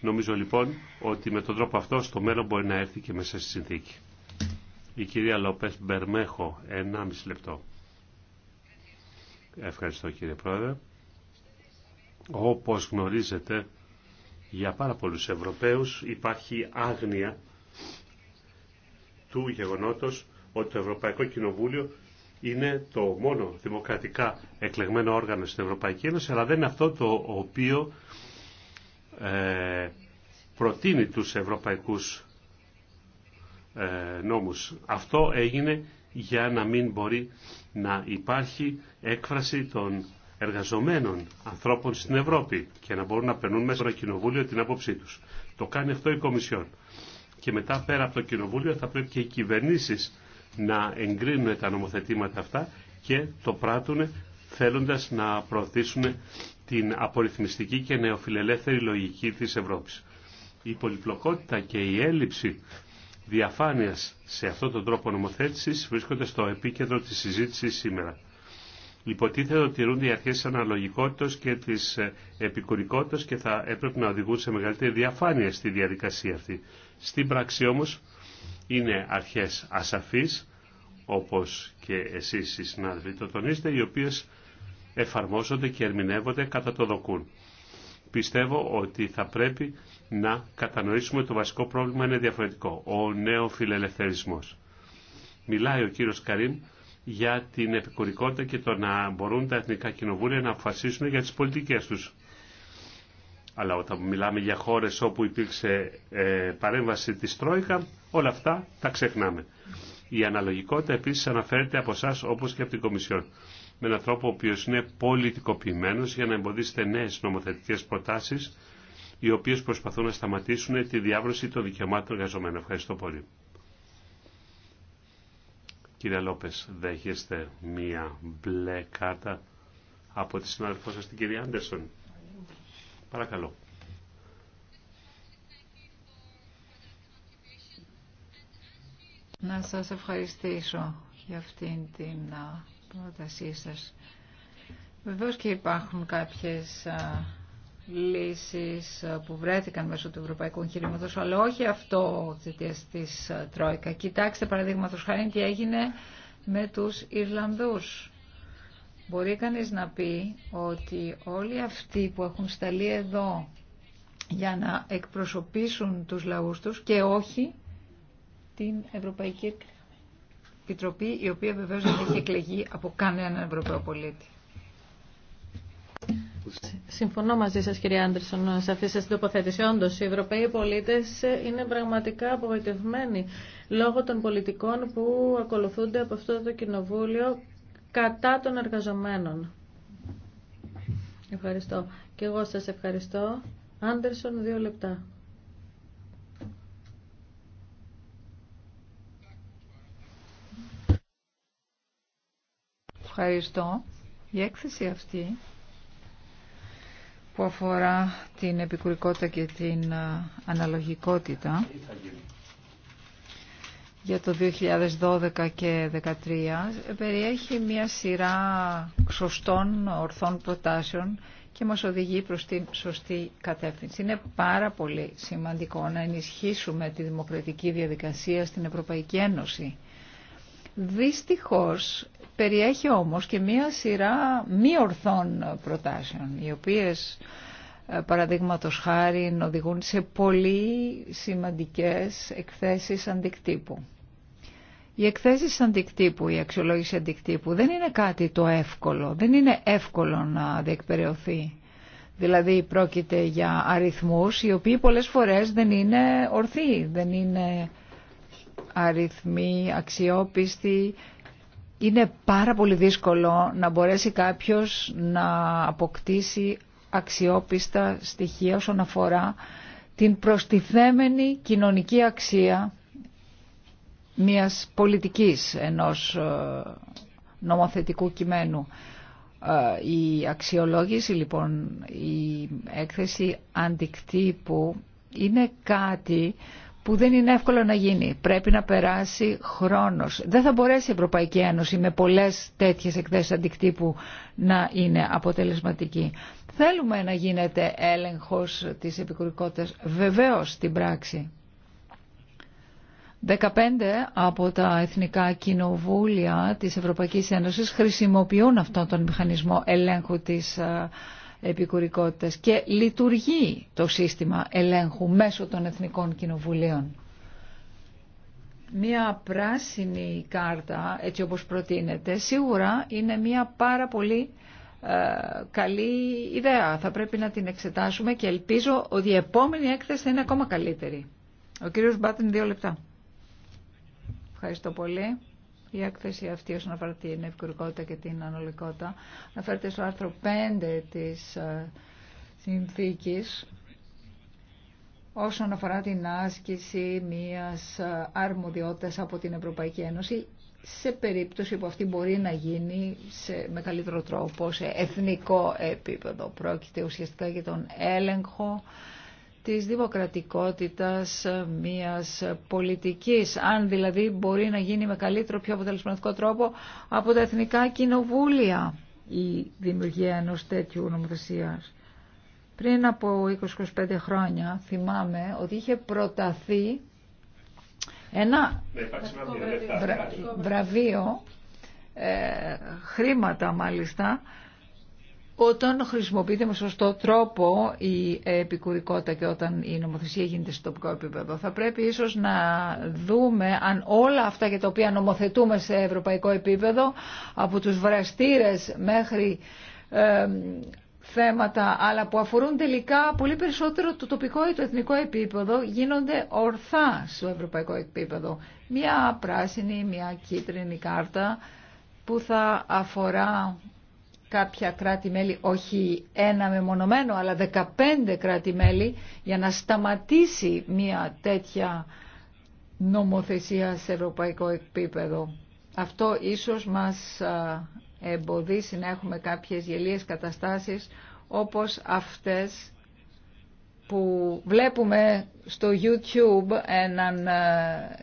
Νομίζω λοιπόν ότι με τον τρόπο αυτό στο μέλλον μπορεί να έρθει και μέσα στη συνθήκη. Η κυρία Λόπες Μπερμέχο, 1,5 λεπτό. Ευχαριστώ κύριε Πρόεδρε. Όπως γνωρίζετε, για πάρα πολλούς Ευρωπαίους υπάρχει άγνοια του γεγονότος ότι το Ευρωπαϊκό Κοινοβούλιο είναι το μόνο δημοκρατικά εκλεγμένο όργανο στην Ευρωπαϊκή Ένωση, αλλά δεν είναι αυτό το οποίο ε, προτείνει τους ευρωπαϊκούς ε, νόμους. Αυτό έγινε για να μην μπορεί να υπάρχει έκφραση των εργαζομένων ανθρώπων στην Ευρώπη και να μπορούν να περνούν μέσα στο κοινοβούλιο την άποψή τους. Το κάνει αυτό η Κομισιόν. Και μετά πέρα από το κοινοβούλιο θα πρέπει και οι κυβερνήσεις να εγκρίνουν τα νομοθετήματα αυτά και το πράττουν θέλοντας να προωθήσουν την απορριθμιστική και νεοφιλελεύθερη λογική της Ευρώπης. Η πολυπλοκότητα και η έλλειψη διαφάνειας σε αυτόν τον τρόπο νομοθέτησης βρίσκονται στο επίκεντρο της συζήτησης σήμερα. Υποτίθεται ότι τηρούνται οι αρχές της αναλογικότητας και της ε, επικουρικότητας και θα έπρεπε να οδηγούν σε μεγαλύτερη διαφάνεια στη διαδικασία αυτή. Στην πράξη όμως είναι αρχές ασαφείς, όπως και εσείς οι συνάδελφοι το τονίζετε, οι οποίες εφαρμόζονται και ερμηνεύονται κατά το δοκούν πιστεύω ότι θα πρέπει να κατανοήσουμε ότι το βασικό πρόβλημα είναι διαφορετικό. Ο νέο φιλελευθερισμός. Μιλάει ο κύριος Καρίν για την επικουρικότητα και το να μπορούν τα εθνικά κοινοβούλια να αποφασίσουν για τις πολιτικές τους. Αλλά όταν μιλάμε για χώρες όπου υπήρξε ε, παρέμβαση της Τρόικα, όλα αυτά τα ξεχνάμε. Η αναλογικότητα επίσης αναφέρεται από εσά όπως και από την Κομισιόν με έναν τρόπο ο οποίο είναι πολιτικοποιημένο για να εμποδίσετε νέες νομοθετικές προτάσει, οι οποίες προσπαθούν να σταματήσουν τη διάβρωση των δικαιωμάτων εργαζομένων. Ευχαριστώ πολύ. Κύριε Λόπε, δέχεστε μία μπλε κάρτα από τη συνάδελφό σας την κυρία Άντερσον. Παρακαλώ.
Να σας ευχαριστήσω για αυτήν την πρότασή σας. Βεβαίως και υπάρχουν κάποιες λύσεις που βρέθηκαν μέσω του ευρωπαϊκού εγχειρήματο, αλλά όχι αυτό εξαιτία της Τρόικα. Κοιτάξτε παραδείγματο χάρη τι έγινε με τους Ιρλανδούς. Μπορεί κανείς να πει ότι όλοι αυτοί που έχουν σταλεί εδώ για να εκπροσωπήσουν τους λαούς τους και όχι την Ευρωπαϊκή επιτροπή η οποία βεβαίω δεν έχει εκλεγεί από κανέναν Ευρωπαίο πολίτη.
Συμφωνώ μαζί σα, κύριε Άντερσον, σε αυτή τη την τοποθέτηση. όντω. οι Ευρωπαίοι πολίτες είναι πραγματικά απογοητευμένοι λόγω των πολιτικών που ακολουθούνται από αυτό το κοινοβούλιο κατά των εργαζομένων. Ευχαριστώ. Και εγώ σας ευχαριστώ. Άντερσον, δύο λεπτά.
Ευχαριστώ. Η έκθεση αυτή που αφορά την επικουρικότητα και την αναλογικότητα για το 2012 και 2013 περιέχει μια σειρά σωστών ορθών προτάσεων και μας οδηγεί προς την σωστή κατεύθυνση. Είναι πάρα πολύ σημαντικό να ενισχύσουμε τη δημοκρατική διαδικασία στην Ευρωπαϊκή Ένωση. Δυστυχώς περιέχει όμως και μία σειρά μη ορθών προτάσεων, οι οποίες ε, παραδείγματο χάρη οδηγούν σε πολύ σημαντικές εκθέσεις αντικτύπου. Οι εκθέσεις αντικτύπου, η αξιολόγηση αντικτύπου δεν είναι κάτι το εύκολο, δεν είναι εύκολο να διεκπαιρεωθεί. Δηλαδή πρόκειται για αριθμούς οι οποίοι πολλές φορές δεν είναι ορθοί, δεν είναι αριθμοί, αξιόπιστοι. Είναι πάρα πολύ δύσκολο να μπορέσει κάποιος να αποκτήσει αξιόπιστα στοιχεία όσον αφορά την προστιθέμενη κοινωνική αξία μιας πολιτικής ενός ε, νομοθετικού κειμένου. Ε, η αξιολόγηση λοιπόν, η έκθεση αντικτύπου είναι κάτι που δεν είναι εύκολο να γίνει. Πρέπει να περάσει χρόνος. Δεν θα μπορέσει η Ευρωπαϊκή Ένωση με πολλές τέτοιες εκθέσεις αντικτύπου να είναι αποτελεσματική. Θέλουμε να γίνεται έλεγχος της επικουρικότητας βεβαίως στην πράξη. 15 από τα εθνικά κοινοβούλια της Ευρωπαϊκής Ένωσης χρησιμοποιούν αυτόν τον μηχανισμό ελέγχου της ε, επικουρικότητας και λειτουργεί το σύστημα ελέγχου μέσω των Εθνικών Κοινοβουλίων. Μία πράσινη κάρτα, έτσι όπως προτείνεται, σίγουρα είναι μία πάρα πολύ ε, καλή ιδέα. Θα πρέπει να την εξετάσουμε και ελπίζω ότι η επόμενη έκθεση θα είναι ακόμα καλύτερη. Ο κύριος Μπάτεν, δύο λεπτά. Ευχαριστώ πολύ. Η έκθεση αυτή όσον αφορά την ευκαιρικότητα και την να αναφέρεται στο άρθρο 5 της ε, συνθήκης όσον αφορά την άσκηση μιας ε, αρμοδιότητας από την Ευρωπαϊκή Ένωση σε περίπτωση που αυτή μπορεί να γίνει σε, μεγαλύτερο τρόπο, σε εθνικό επίπεδο. Πρόκειται ουσιαστικά για τον έλεγχο της δημοκρατικότητας ε, μιας πολιτικής. Αν δηλαδή μπορεί να γίνει με καλύτερο, πιο αποτελεσματικό τρόπο από τα εθνικά κοινοβούλια η δημιουργία ενός τέτοιου νομοθεσίας. Πριν από 20-25 χρόνια θυμάμαι ότι είχε προταθεί ένα βραβείο, ε, χρήματα μάλιστα, όταν χρησιμοποιείται με σωστό τρόπο η επικουρικότητα και όταν η νομοθεσία γίνεται στο τοπικό επίπεδο. Θα πρέπει ίσως να δούμε αν όλα αυτά για τα οποία νομοθετούμε σε ευρωπαϊκό επίπεδο, από τους βραστήρες μέχρι θέματα, αλλά που αφορούν τελικά πολύ περισσότερο το τοπικό ή το εθνικό επίπεδο, γίνονται ορθά στο ευρωπαϊκό επίπεδο. Μια πράσινη, μια κίτρινη κάρτα που θα αφορά κάποια κράτη-μέλη, όχι ένα μεμονωμένο, αλλά 15 κράτη-μέλη, για να σταματήσει μια τέτοια νομοθεσία σε ευρωπαϊκό επίπεδο. Αυτό ίσως μας εμποδίσει να έχουμε κάποιες γελίες καταστάσεις όπως αυτές που βλέπουμε στο YouTube έναν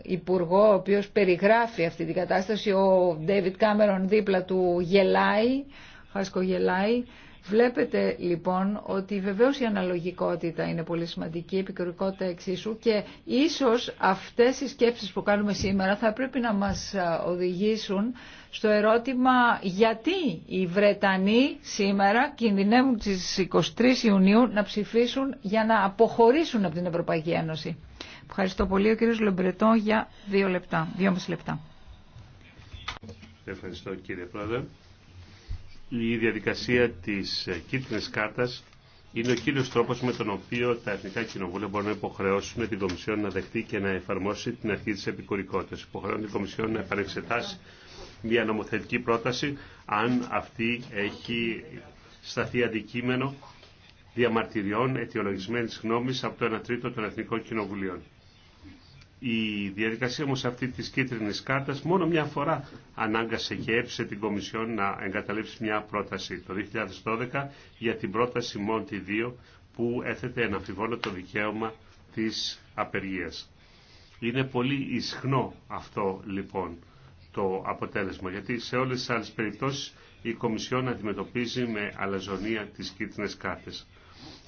υπουργό ο οποίος περιγράφει αυτή την κατάσταση, ο David Cameron δίπλα του γελάει χασκογελάει. Βλέπετε λοιπόν ότι βεβαίως η αναλογικότητα είναι πολύ σημαντική, η επικοινωνικότητα εξίσου και ίσως αυτές οι σκέψεις που κάνουμε σήμερα θα πρέπει να μας οδηγήσουν στο ερώτημα γιατί οι Βρετανοί σήμερα κινδυνεύουν τις 23 Ιουνίου να ψηφίσουν για να αποχωρήσουν από την Ευρωπαϊκή Ένωση. Ευχαριστώ πολύ ο κύριος Λεμπρετό για δύο λεπτά, δύο λεπτά.
Ευχαριστώ κύριε Πρόεδρε η διαδικασία της ε, κίτρινης κάρτας είναι ο κύριος τρόπος με τον οποίο τα Εθνικά Κοινοβούλια μπορούν να υποχρεώσουν την Κομισιόν να δεχτεί και να εφαρμόσει την αρχή της επικουρικότητας. Υποχρεώνει την Κομισιόν να επανεξετάσει μια νομοθετική πρόταση αν αυτή έχει σταθεί αντικείμενο διαμαρτυριών αιτιολογισμένης γνώμης από το 1 τρίτο των Εθνικών Κοινοβουλίων. Η διαδικασία όμως αυτή της κίτρινης κάρτας μόνο μια φορά ανάγκασε και έψε την Κομισιόν να εγκαταλείψει μια πρόταση το 2012 για την πρόταση Μόντι 2 που έθετε ένα το δικαίωμα της απεργίας. Είναι πολύ ισχνό αυτό λοιπόν το αποτέλεσμα γιατί σε όλες τις άλλες περιπτώσεις η Κομισιόν αντιμετωπίζει με αλαζονία τις κίτρινες κάρτες.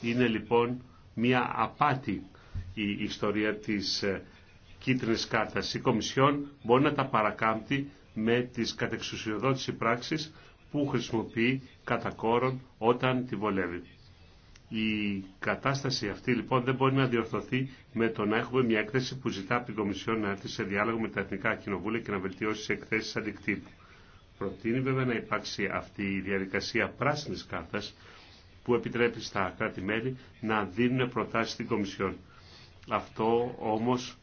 Είναι λοιπόν μια απάτη η ιστορία της ε, κίτρινες κάρτας. Η Κομισιόν μπορεί να τα παρακάμπτει με τις κατεξουσιοδότηση πράξεις που χρησιμοποιεί κατά κόρον όταν τη βολεύει. Η κατάσταση αυτή λοιπόν δεν μπορεί να διορθωθεί με το να έχουμε μια έκθεση που ζητά από την Κομισιόν να έρθει σε διάλογο με τα Εθνικά Κοινοβούλια και να βελτιώσει τι εκθέσει αντικτύπου. Προτείνει βέβαια να υπάρξει αυτή η διαδικασία πράσινη κάρτα που επιτρέπει στα κράτη-μέλη να δίνουν προτάσει στην Κομισιόν. Αυτό όμως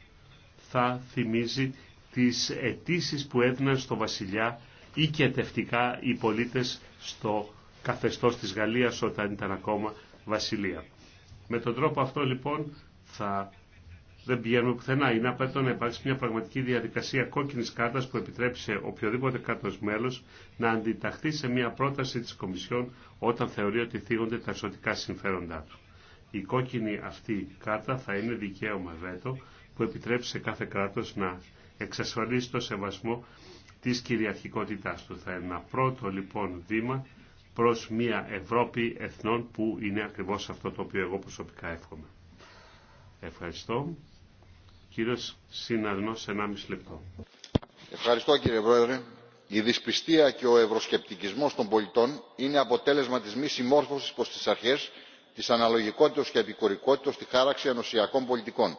θα θυμίζει τις αιτήσει που έδιναν στο βασιλιά ή και τευτικά οι πολίτες στο καθεστώς της Γαλλίας όταν ήταν ακόμα βασιλεία. Με τον τρόπο αυτό λοιπόν θα δεν πηγαίνουμε πουθενά. Είναι απαραίτητο να υπάρξει μια πραγματική διαδικασία κόκκινη κάρτα που επιτρέπει σε οποιοδήποτε κράτο μέλο να αντιταχθεί σε μια πρόταση τη Κομισιόν όταν θεωρεί ότι θίγονται τα εξωτικά συμφέροντά του. Η κόκκινη αυτή κάρτα θα είναι δικαίωμα βέτο που επιτρέψει σε κάθε κράτος να εξασφαλίσει το σεβασμό της κυριαρχικότητάς του. Θα είναι ένα πρώτο λοιπόν βήμα προς μια Ευρώπη εθνών που είναι ακριβώς αυτό το οποίο εγώ προσωπικά εύχομαι. Ευχαριστώ. Κύριος Συναγνός, 1,5 λεπτό.
Ευχαριστώ κύριε Πρόεδρε. Η δυσπιστία και ο ευρωσκεπτικισμός των πολιτών είναι αποτέλεσμα της μη συμμόρφωσης προς τις αρχές της αναλογικότητας και επικουρικότητας στη χάραξη ενωσιακών πολιτικών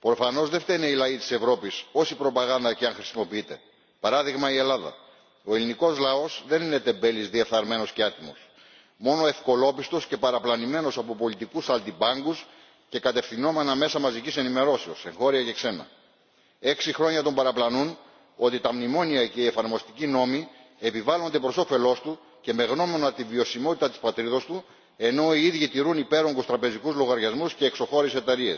προφανώ δεν φταίνε οι λαοί τη ευρώπη όση προπαγάνδα και αν χρησιμοποιείται. παράδειγμα η ελλάδα. ο ελληνικό λαό δεν είναι τεμπέλης διεφθαρμένο και άτιμο μόνο ευκολόπιστο και παραπλανημένο από πολιτικού αλτιμπάγκου και κατευθυνόμενα μέσα μαζική ενημερώσεω εγχώρια και ξένα. έξι χρόνια τον παραπλανούν ότι τα μνημόνια και οι εφαρμοστικοί νόμοι επιβάλλονται προ όφελό του και με γνώμονα τη βιωσιμότητα τη πατρίδος του ενώ οι ίδιοι τηρούν υπέρογκου τραπεζικού λογαριασμού και εξωχώρε εταιρείε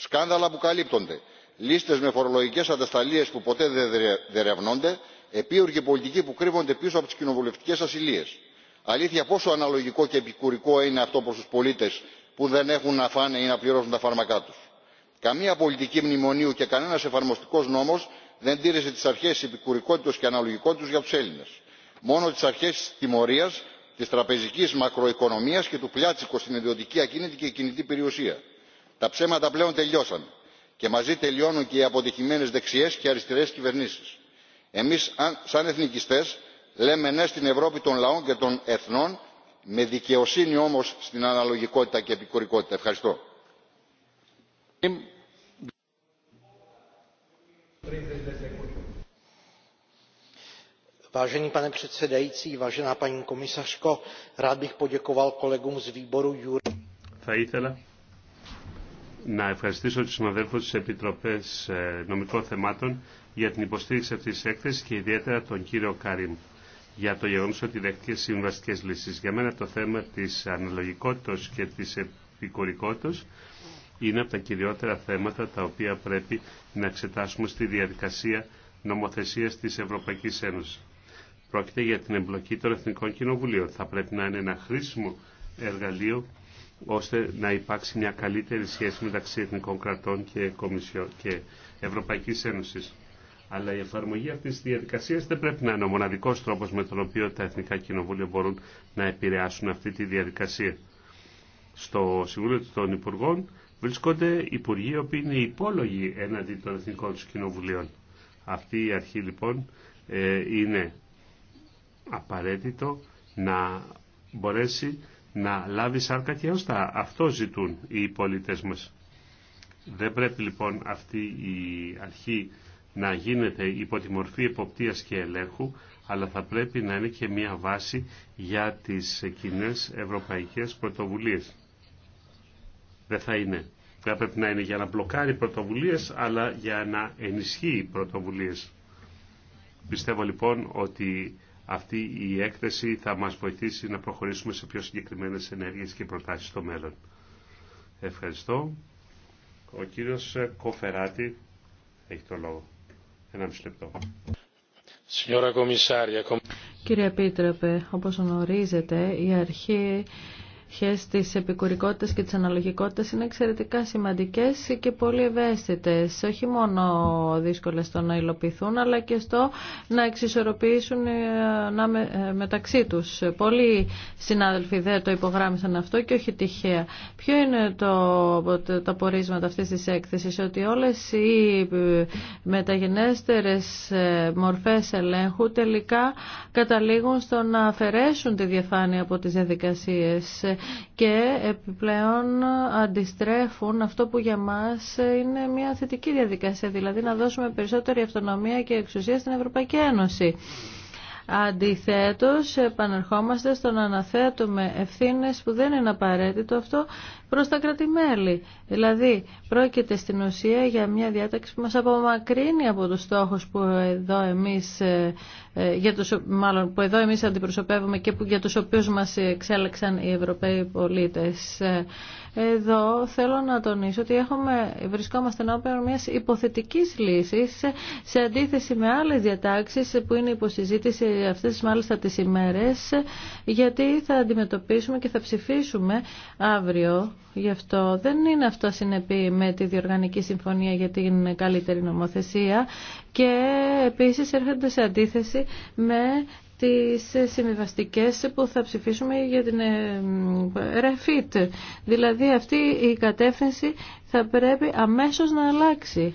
σκάνδαλα που καλύπτονται λίστες με φορολογικές ατασταλίες που ποτέ δεν διερευνούνται επίουργοι πολιτικοί που κρύβονται πίσω από τις κοινοβουλευτικές ασυλίες. αλήθεια πόσο αναλογικό και επικουρικό είναι αυτό προς τους πολίτες που δεν έχουν να φάνε ή να πληρώσουν τα φάρμακά τους. καμία πολιτική μνημονίου και κανένας εφαρμοστικός νόμος δεν τήρησε τις αρχές της επικουρικότητας και αναλογικότητας για τους έλληνες μόνο τις αρχές της τιμωρίας της τραπεζικής μακροοικονομίας και του πλιάτσικου στην ιδιωτική ακίνητη και κινητή περιουσία τα ψέματα πλέον τελειώσαν και μαζί τελειώνουν και οι αποτυχημένες δεξιές και αριστερές κυβερνήσεις. εμείς σαν εθνικιστές λέμε ναι στην ευρώπη των λαών και των εθνών με δικαιοσύνη όμως στην αναλογικότητα και επικουρικότητα. ευχαριστώ
να ευχαριστήσω τους συναδέλφους της Επιτροπές ε, Νομικών Θεμάτων για την υποστήριξη αυτής της έκθεσης και ιδιαίτερα τον κύριο Καρίμ για το γεγονό ότι δέχτηκε συμβαστικέ λύσεις. Για μένα το θέμα τη αναλογικότητα και τη επικουρικότητα είναι από τα κυριότερα θέματα τα οποία πρέπει να εξετάσουμε στη διαδικασία νομοθεσία τη Ευρωπαϊκή Ένωση. Πρόκειται για την εμπλοκή των Εθνικών Κοινοβουλίων. Θα πρέπει να είναι ένα χρήσιμο εργαλείο ώστε να υπάρξει μια καλύτερη σχέση μεταξύ εθνικών κρατών και, και Ευρωπαϊκής Ένωσης. Αλλά η εφαρμογή αυτή της διαδικασίας δεν πρέπει να είναι ο μοναδικός τρόπος με τον οποίο τα εθνικά κοινοβούλια μπορούν να επηρεάσουν αυτή τη διαδικασία. Στο Συμβούλιο των Υπουργών βρίσκονται υπουργοί οι οποίοι είναι υπόλογοι έναντι των εθνικών του κοινοβουλίων. Αυτή η αρχή λοιπόν ε, είναι απαραίτητο να μπορέσει να λάβει σάρκα και όστά. Αυτό ζητούν οι πολίτες μας. Δεν πρέπει λοιπόν αυτή η αρχή να γίνεται υπό τη μορφή εποπτείας και ελέγχου, αλλά θα πρέπει να είναι και μια βάση για τις κοινέ ευρωπαϊκές πρωτοβουλίες. Δεν θα είναι. Δεν πρέπει να είναι για να μπλοκάρει πρωτοβουλίες, αλλά για να ενισχύει πρωτοβουλίες. Πιστεύω λοιπόν ότι αυτή η έκθεση θα μας βοηθήσει να προχωρήσουμε σε πιο συγκεκριμένες ενέργειες και προτάσεις στο μέλλον. Ευχαριστώ. Ο κύριος Κοφεράτη έχει το λόγο. Ένα μισό λεπτό.
Κύριε Επίτροπε, όπως γνωρίζετε, η αρχή αρχές της επικουρικότητας και της αναλογικότητας είναι εξαιρετικά σημαντικές και πολύ ευαίσθητες. Όχι μόνο δύσκολες στο να υλοποιηθούν, αλλά και στο να εξισορροπήσουν ε, να με, ε, μεταξύ τους. Πολλοί συνάδελφοι δεν το υπογράμμισαν αυτό και όχι τυχαία. Ποιο είναι το, τα πορίσματα αυτής της έκθεσης, ότι όλες οι ε, μεταγενέστερες μορφές ελέγχου τελικά καταλήγουν στο να αφαιρέσουν τη διαφάνεια από τις διαδικασίες και επιπλέον αντιστρέφουν αυτό που για μας είναι μια θετική διαδικασία, δηλαδή να δώσουμε περισσότερη αυτονομία και εξουσία στην Ευρωπαϊκή Ένωση. Αντιθέτως, επανερχόμαστε στο να αναθέτουμε ευθύνες που δεν είναι απαραίτητο αυτό προς τα κρατημέλη. Δηλαδή, πρόκειται στην ουσία για μια διάταξη που μας απομακρύνει από τους στόχους που εδώ εμείς ε, ε, για τους, μάλλον που εδώ εμείς αντιπροσωπεύουμε και που, για τους οποίους μας εξέλεξαν οι Ευρωπαίοι πολίτες. Ε, εδώ θέλω να τονίσω ότι έχουμε, βρισκόμαστε ενώπιον μια υποθετική λύση σε αντίθεση με άλλε διατάξει που είναι υποσυζήτηση αυτές μάλιστα τι ημέρε, γιατί θα αντιμετωπίσουμε και θα ψηφίσουμε αύριο γι' αυτό. Δεν είναι αυτό συνεπή με τη Διοργανική Συμφωνία για την καλύτερη νομοθεσία και επίση έρχονται σε αντίθεση με τις συμβιβαστικέ που θα ψηφίσουμε για την ΡΕΦΙΤ. Δηλαδή αυτή η κατεύθυνση θα πρέπει αμέσως να αλλάξει.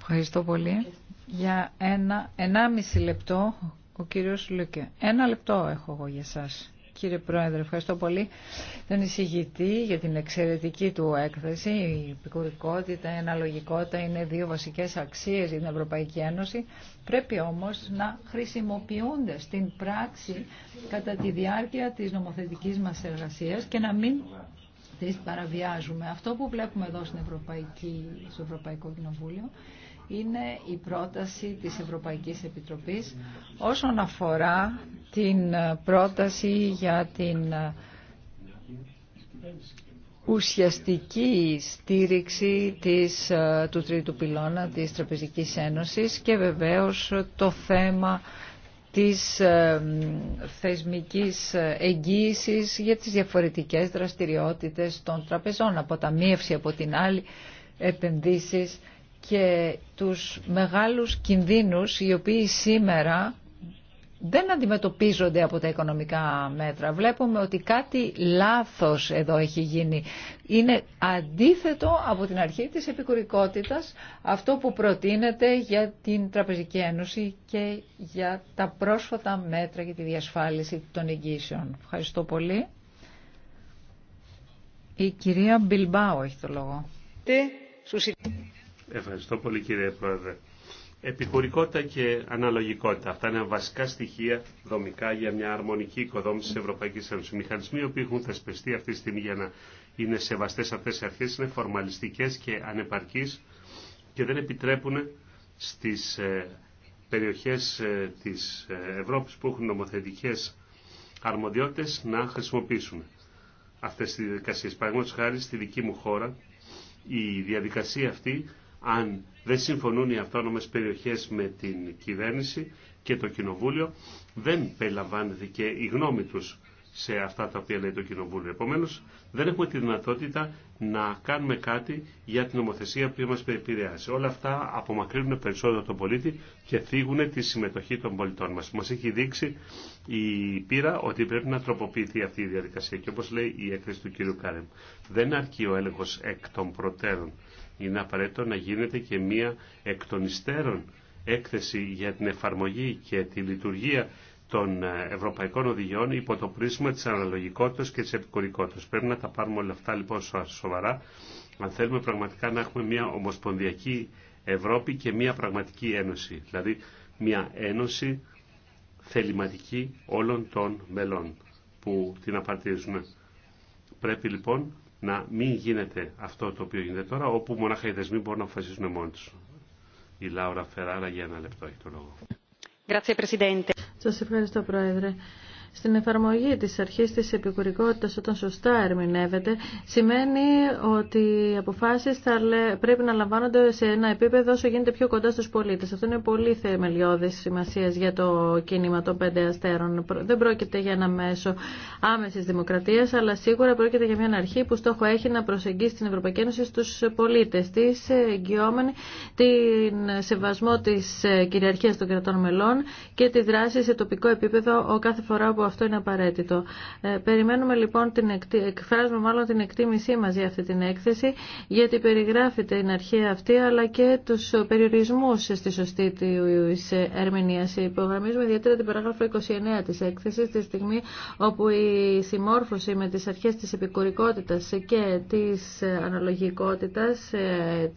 Ευχαριστώ πολύ. Για ένα, ενάμιση λεπτό ο κύριος Λούκε. Ένα λεπτό έχω εγώ για σας. Κύριε Πρόεδρε, ευχαριστώ πολύ τον εισηγητή για την εξαιρετική του έκθεση. Η επικουρικότητα, η αναλογικότητα είναι δύο βασικές αξίες για την Ευρωπαϊκή Ένωση. Πρέπει όμως να χρησιμοποιούνται στην πράξη κατά τη διάρκεια της νομοθετικής μας εργασίας και να μην τις παραβιάζουμε. Αυτό που βλέπουμε εδώ στην Ευρωπαϊκή, στο Ευρωπαϊκό Κοινοβούλιο είναι η πρόταση της Ευρωπαϊκής Επιτροπής όσον αφορά την ε, πρόταση για την ε, ουσιαστική στήριξη της, ε, του τρίτου πυλώνα της Τραπεζικής Ένωσης και βεβαίως το θέμα της θεσμικής εγγύησης για τις διαφορετικές δραστηριότητες των τραπεζών, αποταμίευση από την άλλη, επενδύσεις και τους μεγάλους κινδύνους οι οποίοι σήμερα δεν αντιμετωπίζονται από τα οικονομικά μέτρα. Βλέπουμε ότι κάτι λάθος εδώ έχει γίνει. Είναι αντίθετο από την αρχή της επικουρικότητας αυτό που προτείνεται για την Τραπεζική Ένωση και για τα πρόσφατα μέτρα για τη διασφάλιση των εγγύσεων. Ευχαριστώ πολύ. Η κυρία Μπιλμπάου έχει το λόγο.
Ευχαριστώ πολύ κύριε Πρόεδρε. Επιχωρικότητα και αναλογικότητα. Αυτά είναι βασικά στοιχεία δομικά για μια αρμονική οικοδόμηση τη Ευρωπαϊκή Ένωση. Οι μηχανισμοί που έχουν θεσπιστεί αυτή τη στιγμή για να είναι σεβαστέ αυτέ οι αρχέ είναι φορμαλιστικέ και ανεπαρκεί και δεν επιτρέπουν στι ε, περιοχέ ε, τη ε, Ευρώπη που έχουν νομοθετικέ αρμοδιότητε να χρησιμοποιήσουν αυτέ τι διαδικασίε. Παραδείγματο χάρη στη δική μου χώρα η διαδικασία αυτή αν δεν συμφωνούν οι αυτόνομες περιοχές με την κυβέρνηση και το κοινοβούλιο, δεν περιλαμβάνεται και η γνώμη τους σε αυτά τα οποία λέει το κοινοβούλιο. Επομένως, δεν έχουμε τη δυνατότητα να κάνουμε κάτι για την νομοθεσία που μας επηρεάζει. Όλα αυτά απομακρύνουν περισσότερο τον πολίτη και θίγουν τη συμμετοχή των πολιτών μας. Μας έχει δείξει η πείρα ότι πρέπει να τροποποιηθεί αυτή η διαδικασία και όπως λέει η έκθεση του κ. Κάρεμ. Δεν αρκεί ο έλεγχος εκ των προτέρων είναι απαραίτητο να γίνεται και μία εκ των υστέρων έκθεση για την εφαρμογή και τη λειτουργία των ε, ευρωπαϊκών οδηγιών υπό το πρίσμα της αναλογικότητας και της επικουρικότητας. Πρέπει να τα πάρουμε όλα αυτά λοιπόν σοβαρά αν θέλουμε πραγματικά να έχουμε μια ομοσπονδιακή Ευρώπη και μια πραγματική ένωση. Δηλαδή μια ένωση θεληματική όλων των μελών που την απαρτίζουμε. Πρέπει λοιπόν να μην γίνεται αυτό το οποίο γίνεται τώρα, όπου μονάχα οι δεσμοί μπορούν να αποφασίσουν μόνοι τους. Η Λάουρα Φεράρα για ένα λεπτό έχει το λόγο.
Σας ευχαριστώ, Πρόεδρε στην εφαρμογή της αρχής της επικουρικότητας όταν σωστά ερμηνεύεται σημαίνει ότι οι αποφάσεις θα πρέπει να λαμβάνονται σε ένα επίπεδο όσο γίνεται πιο κοντά στους πολίτες. Αυτό είναι πολύ θεμελιώδης σημασία για το κίνημα των πέντε αστέρων. Δεν πρόκειται για ένα μέσο άμεσης δημοκρατίας, αλλά σίγουρα πρόκειται για μια αρχή που στόχο έχει να προσεγγίσει την Ευρωπαϊκή Ένωση στους πολίτες της, εγγυόμενη την σεβασμό της κυριαρχίας των κρατών μελών και τη δράση σε τοπικό επίπεδο ο κάθε φορά που αυτό είναι απαραίτητο. Ε, περιμένουμε λοιπόν, την εκφράζουμε μάλλον την εκτίμησή μας για αυτή την έκθεση, γιατί περιγράφεται την αρχαία αυτή, αλλά και τους περιορισμούς στη σωστή της ερμηνείας. Υπογραμμίζουμε ιδιαίτερα την παράγραφο 29 της έκθεσης, τη στιγμή όπου η συμμόρφωση με τις αρχές της επικουρικότητας και της αναλογικότητας ε,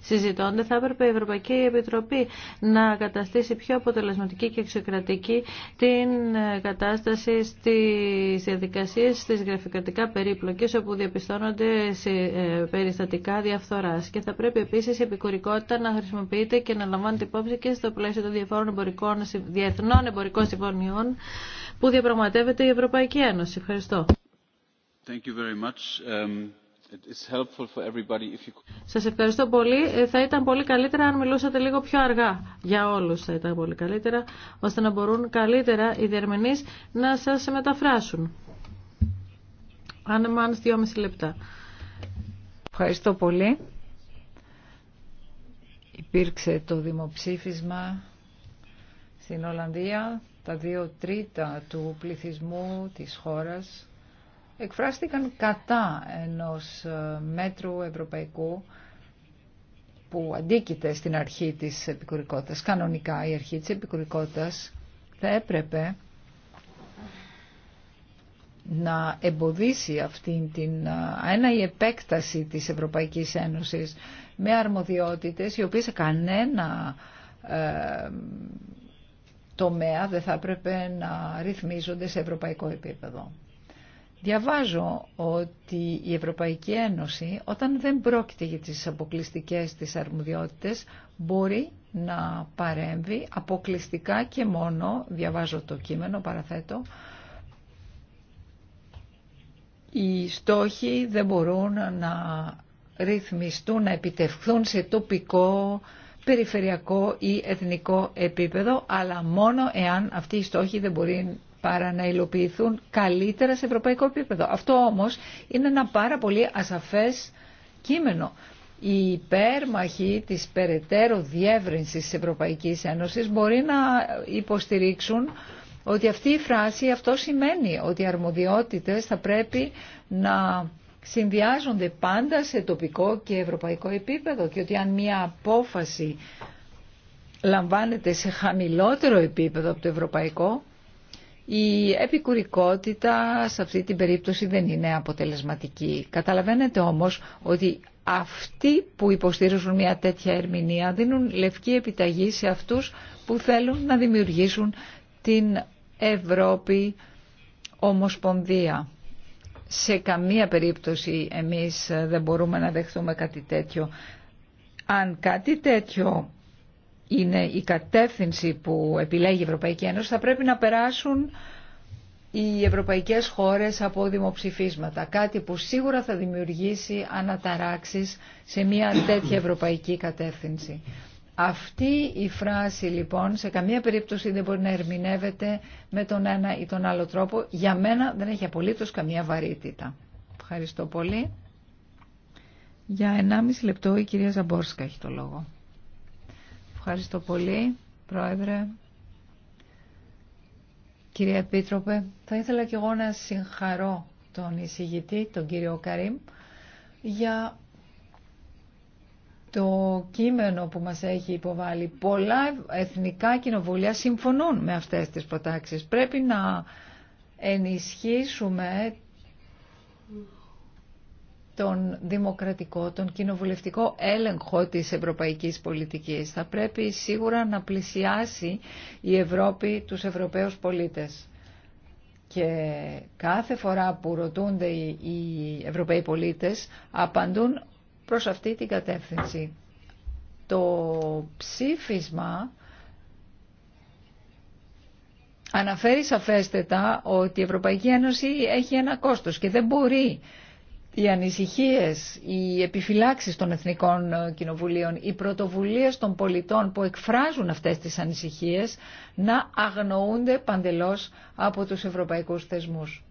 συζητώνται, θα έπρεπε η Ευρωπαϊκή Επιτροπή να καταστήσει πιο αποτελεσματική και εξωκρατική την ε, κατάσταση κατάσταση στις διαδικασίες, στις γραφειοκρατικά περίπλοκες όπου διαπιστώνονται σε ε, περιστατικά διαφθοράς και θα πρέπει επίσης η επικουρικότητα να χρησιμοποιείται και να λαμβάνεται υπόψη και στο πλαίσιο των διαφόρων εμπορικών, διεθνών εμπορικών συμφωνιών που διαπραγματεύεται η Ευρωπαϊκή Ένωση. Ευχαριστώ. Um, σας ευχαριστώ πολύ. Ε, θα ήταν πολύ καλύτερα αν μιλούσατε λίγο πιο αργά. Για όλους θα ήταν πολύ καλύτερα, ώστε να μπορούν καλύτερα οι διερμηνείς να σας μεταφράσουν. Αν στις δυόμιση λεπτά. Ευχαριστώ πολύ.
Υπήρξε το δημοψήφισμα στην Ολλανδία. Τα δύο τρίτα του πληθυσμού της χώρας εκφράστηκαν κατά ενός ε, μέτρου ευρωπαϊκού που αντίκειται στην αρχή της επικουρικότητας. Κανονικά η αρχή της επικουρικότητας θα έπρεπε να εμποδίσει αυτήν την ε, ένα η επέκταση της Ευρωπαϊκής Ένωσης με αρμοδιότητες οι οποίες σε κανένα ε, τομέα δεν θα έπρεπε να ρυθμίζονται σε ευρωπαϊκό επίπεδο. Διαβάζω ότι η Ευρωπαϊκή Ένωση όταν δεν πρόκειται για τις αποκλειστικές της αρμοδιότητες μπορεί να παρέμβει αποκλειστικά και μόνο, διαβάζω το κείμενο, παραθέτω, οι στόχοι δεν μπορούν να ρυθμιστούν, να επιτευχθούν σε τοπικό, περιφερειακό ή εθνικό επίπεδο, αλλά μόνο εάν αυτοί οι στόχοι δεν μπορεί παρά να υλοποιηθούν καλύτερα σε ευρωπαϊκό επίπεδο. Αυτό όμως είναι ένα πάρα πολύ ασαφές κείμενο. Οι υπέρμαχοι της περαιτέρω διεύρυνσης της Ευρωπαϊκής Ένωσης μπορεί να υποστηρίξουν ότι αυτή η φράση αυτό σημαίνει ότι οι αρμοδιότητες θα πρέπει να συνδυάζονται πάντα σε τοπικό και ευρωπαϊκό επίπεδο και ότι αν μια απόφαση λαμβάνεται σε χαμηλότερο επίπεδο από το ευρωπαϊκό η επικουρικότητα σε αυτή την περίπτωση δεν είναι αποτελεσματική. Καταλαβαίνετε όμως ότι αυτοί που υποστήριζουν μια τέτοια ερμηνεία δίνουν λευκή επιταγή σε αυτούς που θέλουν να δημιουργήσουν την Ευρώπη Ομοσπονδία. Σε καμία περίπτωση εμείς δεν μπορούμε να δεχθούμε κάτι τέτοιο. Αν κάτι τέτοιο είναι η κατεύθυνση που επιλέγει η Ευρωπαϊκή Ένωση, θα πρέπει να περάσουν οι ευρωπαϊκές χώρες από δημοψηφίσματα. Κάτι που σίγουρα θα δημιουργήσει αναταράξεις σε μια τέτοια ευρωπαϊκή κατεύθυνση. Αυτή η φράση λοιπόν σε καμία περίπτωση δεν μπορεί να ερμηνεύεται με τον ένα ή τον άλλο τρόπο. Για μένα δεν έχει απολύτως καμία βαρύτητα. Ευχαριστώ πολύ. Για 1,5 λεπτό η κυρία Ζαμπόρσκα έχει το λόγο. Ευχαριστώ πολύ, Πρόεδρε. κύριε Επίτροπε, θα ήθελα και εγώ να συγχαρώ τον εισηγητή, τον κύριο Καρίμ, για το κείμενο που μας έχει υποβάλει. Πολλά εθνικά κοινοβούλια συμφωνούν με αυτές τις προτάξεις. Πρέπει να ενισχύσουμε τον δημοκρατικό, τον κοινοβουλευτικό έλεγχο της ευρωπαϊκής πολιτικής. Θα πρέπει σίγουρα να πλησιάσει η Ευρώπη τους Ευρωπαίους πολίτες. Και κάθε φορά που ρωτούνται οι Ευρωπαίοι πολίτες απαντούν προς αυτή την κατεύθυνση. Το ψήφισμα αναφέρει σαφέστατα ότι η Ευρωπαϊκή Ένωση έχει ένα κόστος και δεν μπορεί οι ανησυχίες, οι επιφυλάξεις των Εθνικών Κοινοβουλίων, οι πρωτοβουλίες των πολιτών που εκφράζουν αυτές τις ανησυχίες να αγνοούνται παντελώς από τους ευρωπαϊκούς θεσμούς.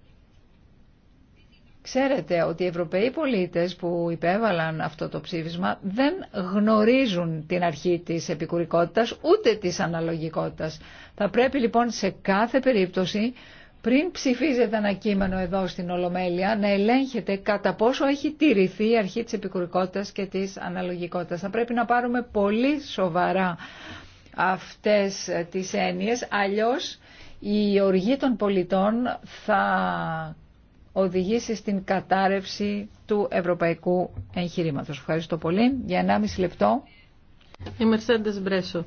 Ξέρετε ότι οι Ευρωπαίοι πολίτες που υπέβαλαν αυτό το ψήφισμα δεν γνωρίζουν την αρχή της επικουρικότητας ούτε της αναλογικότητας. Θα πρέπει λοιπόν σε κάθε περίπτωση πριν ψηφίζεται ένα κείμενο εδώ στην Ολομέλεια, να ελέγχεται κατά πόσο έχει τηρηθεί η αρχή της επικουρικότητας και της αναλογικότητας. Θα πρέπει να πάρουμε πολύ σοβαρά αυτές τις έννοιες, αλλιώς η οργή των πολιτών θα οδηγήσει στην κατάρρευση του ευρωπαϊκού εγχειρήματος. Ευχαριστώ πολύ. Για 1,5 λεπτό.
Η Μερσέντες Μπρέσο.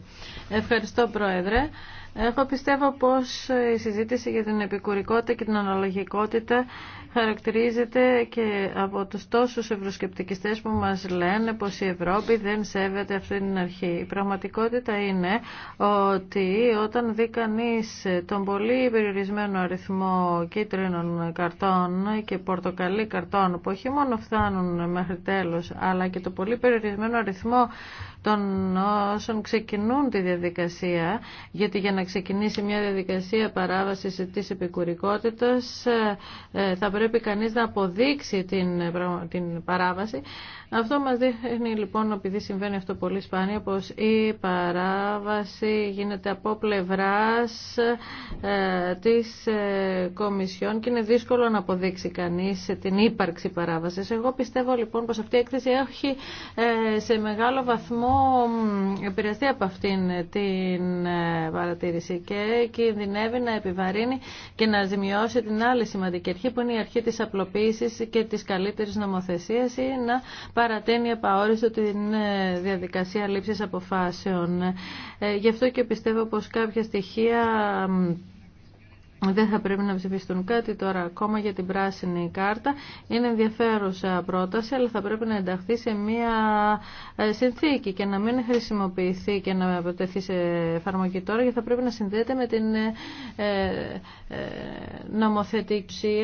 Ευχαριστώ Πρόεδρε. Εγώ πιστεύω πως η συζήτηση για την επικουρικότητα και την αναλογικότητα χαρακτηρίζεται και από τους τόσους ευρωσκεπτικιστές που μας λένε πως η Ευρώπη δεν σέβεται αυτή την αρχή. Η πραγματικότητα είναι ότι όταν δει κανεί τον πολύ περιορισμένο αριθμό κίτρινων καρτών και πορτοκαλί καρτών που όχι μόνο φτάνουν μέχρι τέλος αλλά και το πολύ περιορισμένο αριθμό των όσων ξεκινούν τη διαδικασία, γιατί για να ξεκινήσει μια διαδικασία παράβασης της επικουρικότητας ε, θα πρέπει κανείς να αποδείξει την, την παράβαση. Αυτό μας δείχνει λοιπόν, επειδή συμβαίνει αυτό πολύ σπάνια, πως η παράβαση γίνεται από πλευράς ε, της ε, Κομισιόν και είναι δύσκολο να αποδείξει κανείς την ύπαρξη παράβασης. Εγώ πιστεύω λοιπόν πως αυτή η έκθεση έχει σε μεγάλο βαθμό επηρεαστεί από αυτήν την ε, παρατήρηση και κινδυνεύει να επιβαρύνει και να ζημιώσει την άλλη σημαντική αρχή που είναι η αρχή της απλοποίησης και της καλύτερης νομοθεσίας ή να παρατείνει επαόριστο την ε, διαδικασία λήψης αποφάσεων. Ε, γι' αυτό και πιστεύω πως κάποια στοιχεία δεν θα πρέπει να ψηφιστούν κάτι τώρα ακόμα για την πράσινη κάρτα. Είναι ενδιαφέρουσα πρόταση, αλλά θα πρέπει να ενταχθεί σε μία ε, συνθήκη και να μην χρησιμοποιηθεί και να αποτεθεί σε εφαρμογή τώρα, γιατί θα πρέπει να συνδέεται με την ε, ε, νομοθετική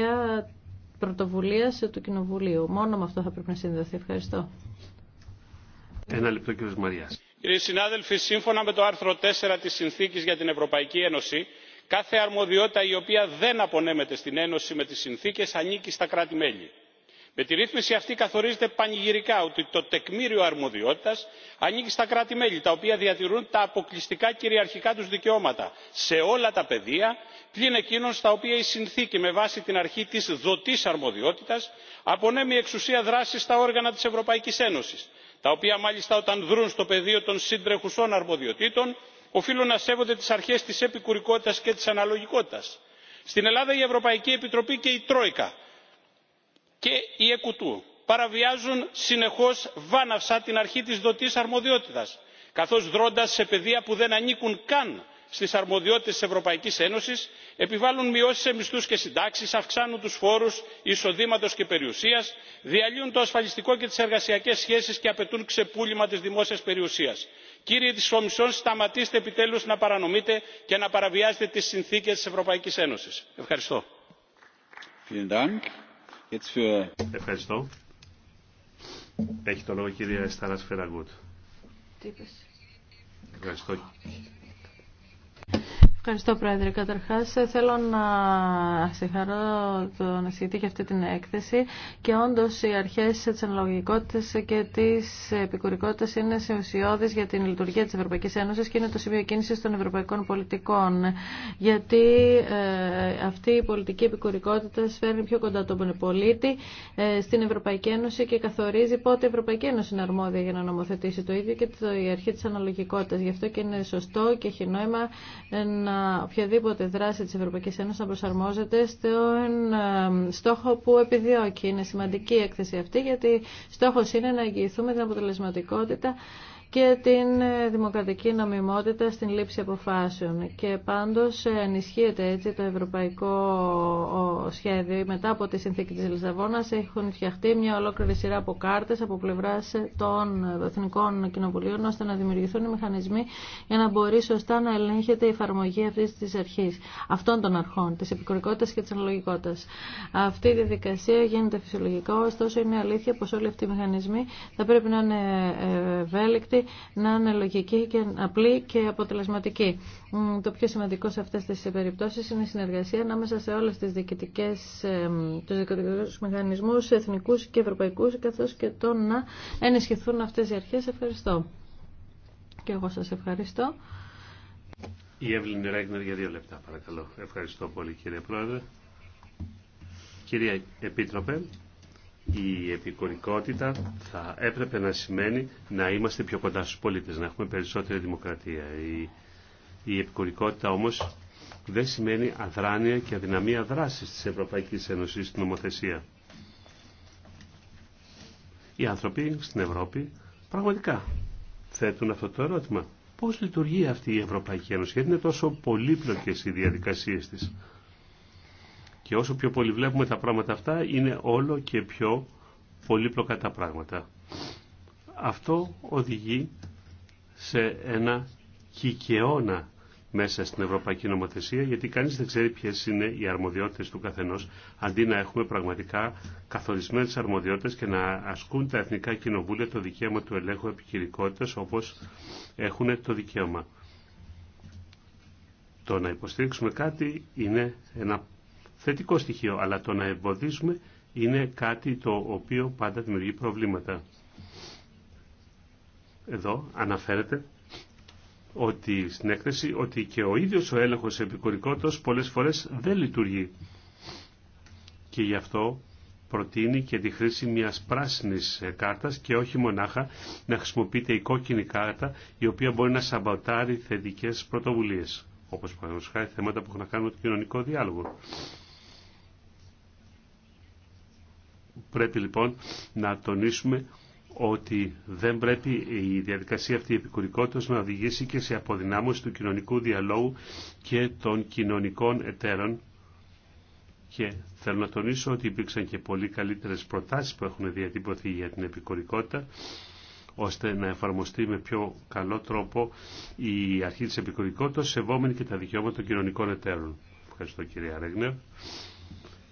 πρωτοβουλία του Κοινοβουλίου. Μόνο με αυτό θα πρέπει να συνδεθεί. Ευχαριστώ.
Ένα λεπτό, κύριος Μαριάς.
Κύριοι συνάδελφοι, σύμφωνα με το άρθρο 4 της Συνθήκης για την Ευρωπαϊκή Ένωση, κάθε αρμοδιότητα η οποία δεν απονέμεται στην ένωση με τις συνθήκες ανήκει στα κράτη μέλη. με τη ρύθμιση αυτή καθορίζεται πανηγυρικά ότι το τεκμήριο αρμοδιότητας ανήκει στα κράτη μέλη τα οποία διατηρούν τα αποκλειστικά κυριαρχικά τους δικαιώματα σε όλα τα πεδία πλην εκείνων στα οποία η συνθήκη με βάση την αρχή της δοτής αρμοδιότητας απονέμει εξουσία δράσης στα όργανα της ευρωπαϊκής ένωσης τα οποία μάλιστα όταν δρουν στο πεδίο των συντρεχουσών αρμοδιοτήτων οφείλουν να σέβονται τις αρχές της επικουρικότητας και της αναλογικότητας. στην ελλάδα η ευρωπαϊκή επιτροπή και η τρόικα και η εκουτού παραβιάζουν συνεχώς βάναυσα την αρχή της δοτής αρμοδιότητας καθώς δρώντας σε πεδία που δεν ανήκουν καν στις αρμοδιότητες της ευρωπαϊκής ένωσης επιβάλλουν μειώσεις σε μισθούς και συντάξεις αυξάνουν τους φόρους εισοδήματος και περιουσίας διαλύουν το ασφαλιστικό και τις εργασιακές σχέσεις και απαιτούν ξεπούλημα της δημόσιας περιουσίας κύριοι της κομισιόν σταματήστε επιτέλους να παρανομείτε και να παραβιάζετε τις συνθήκες της ευρωπαϊκής ένωσης. ευχαριστώ.
ευχαριστώ. Έχει το λόγο η κυρία Εστάρας Φεραγκούτ. Ευχαριστώ.
Ευχαριστώ Πρόεδρε. Καταρχάς θέλω να συγχαρώ τον Ασχητή για αυτή την έκθεση και όντως οι αρχές της αναλογικότητας και της επικουρικότητας είναι σε για την λειτουργία της Ευρωπαϊκής Ένωσης και είναι το σημείο κίνησης των ευρωπαϊκών πολιτικών γιατί ε, αυτή η πολιτική επικουρικότητα φέρνει πιο κοντά τον πολίτη ε, στην Ευρωπαϊκή Ένωση και καθορίζει πότε η Ευρωπαϊκή Ένωση είναι αρμόδια για να νομοθετήσει το ίδιο και η αρχή της αναλογικότητας. Γι' αυτό και είναι σωστό και έχει νόημα ε, να οποιαδήποτε δράση της Ευρωπαϊκής Ένωσης να προσαρμόζεται στον ε, στόχο που επιδιώκει. Είναι σημαντική η έκθεση αυτή γιατί στόχος είναι να εγγυηθούμε την αποτελεσματικότητα και την ε, δημοκρατική νομιμότητα στην λήψη αποφάσεων. Και πάντως ε, ενισχύεται έτσι το ευρωπαϊκό σχέδιο. Μετά από τη συνθήκη της Λισαβόνας έχουν φτιαχτεί μια ολόκληρη σειρά από κάρτες από πλευράς των εθνικών κοινοβουλίων ώστε να δημιουργηθούν οι μηχανισμοί για να μπορεί σωστά να ελέγχεται η εφαρμογή αυτή τη αρχή αυτών των αρχών, τη επικροτικότητα και τη αναλογικότητα. Αυτή η διαδικασία γίνεται φυσιολογικά, ωστόσο είναι αλήθεια πώ όλοι αυτοί οι μηχανισμοί θα πρέπει να είναι ε, ευέλικτοι να είναι λογική και απλή και αποτελεσματική. Το πιο σημαντικό σε αυτές τις περιπτώσεις είναι η συνεργασία ανάμεσα σε όλες τις διοικητικές, τους διοικητικούς μηχανισμούς εθνικούς και ευρωπαϊκούς καθώς και το να ενισχυθούν αυτές οι αρχές. Ευχαριστώ. Και εγώ σας ευχαριστώ.
Η Εύλην Ρέγνερ για δύο λεπτά παρακαλώ. Ευχαριστώ πολύ κύριε Πρόεδρε. Κυρία Επίτροπε, η επικορικότητα θα έπρεπε να σημαίνει να είμαστε πιο κοντά στους πολίτες, να έχουμε περισσότερη δημοκρατία. Η, η επικουρικότητα όμως δεν σημαίνει αδράνεια και αδυναμία δράσης της Ευρωπαϊκής Ένωσης στην νομοθεσία. Οι άνθρωποι στην Ευρώπη πραγματικά θέτουν αυτό το ερώτημα. Πώς λειτουργεί αυτή η Ευρωπαϊκή Ένωση, γιατί είναι τόσο πολύπλοκες οι διαδικασίες της. Και όσο πιο πολύ βλέπουμε τα πράγματα αυτά, είναι όλο και πιο πολύπλοκα τα πράγματα. Αυτό οδηγεί σε ένα κικαιώνα μέσα στην Ευρωπαϊκή Νομοθεσία, γιατί κανείς δεν ξέρει ποιες είναι οι αρμοδιότητες του καθενός, αντί να έχουμε πραγματικά καθορισμένες αρμοδιότητες και να ασκούν τα Εθνικά Κοινοβούλια το δικαίωμα του ελέγχου επικυρικότητας, όπως έχουν το δικαίωμα. Το να υποστηρίξουμε κάτι είναι ένα θετικό στοιχείο, αλλά το να εμποδίζουμε είναι κάτι το οποίο πάντα δημιουργεί προβλήματα. Εδώ αναφέρεται ότι στην έκθεση ότι και ο ίδιος ο έλεγχος επικουρικότητας πολλές φορές δεν λειτουργεί και γι' αυτό προτείνει και τη χρήση μιας πράσινης κάρτας και όχι μονάχα να χρησιμοποιείται η κόκκινη κάρτα η οποία μπορεί να σαμποτάρει θετικές πρωτοβουλίες όπως παραδείγματος χάρη θέματα που έχουν να κάνουν με το κοινωνικό διάλογο. Πρέπει λοιπόν να τονίσουμε ότι δεν πρέπει η διαδικασία αυτή επικουρικότητας να οδηγήσει και σε αποδυνάμωση του κοινωνικού διαλόγου και των κοινωνικών εταίρων. Και θέλω να τονίσω ότι υπήρξαν και πολύ καλύτερες προτάσεις που έχουν διατυπωθεί για την επικουρικότητα ώστε να εφαρμοστεί με πιο καλό τρόπο η αρχή της επικουρικότητας σεβόμενη και τα δικαιώματα των κοινωνικών εταίρων. Ευχαριστώ κυρία Ρέγνερ.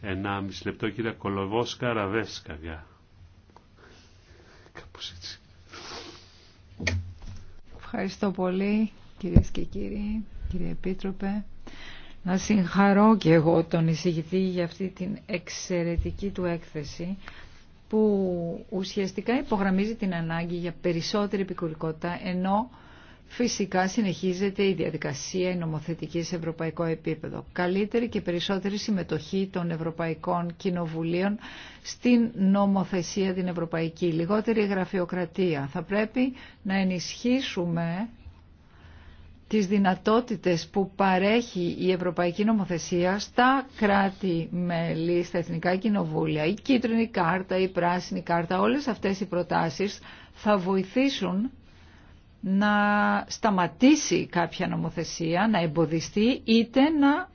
Ενάμιση λεπτό κυρία Κολοβόσκα Ραβέσκα, Κάπως έτσι.
Ευχαριστώ πολύ κυρίες και κύριοι, κύριε Επίτροπε. Να συγχαρώ και εγώ τον εισηγητή για αυτή την εξαιρετική του έκθεση που ουσιαστικά υπογραμμίζει την ανάγκη για περισσότερη επικουρικότητα ενώ Φυσικά συνεχίζεται η διαδικασία η νομοθετική σε ευρωπαϊκό επίπεδο. Καλύτερη και περισσότερη συμμετοχή των Ευρωπαϊκών Κοινοβουλίων στην νομοθεσία την ευρωπαϊκή. Λιγότερη γραφειοκρατία. Θα πρέπει να ενισχύσουμε τις δυνατότητες που παρέχει η Ευρωπαϊκή Νομοθεσία στα κράτη-μέλη, στα Εθνικά Κοινοβούλια, η Κίτρινη Κάρτα, η Πράσινη Κάρτα, όλες αυτές οι προτάσεις θα βοηθήσουν να σταματήσει κάποια νομοθεσία, να εμποδιστεί είτε να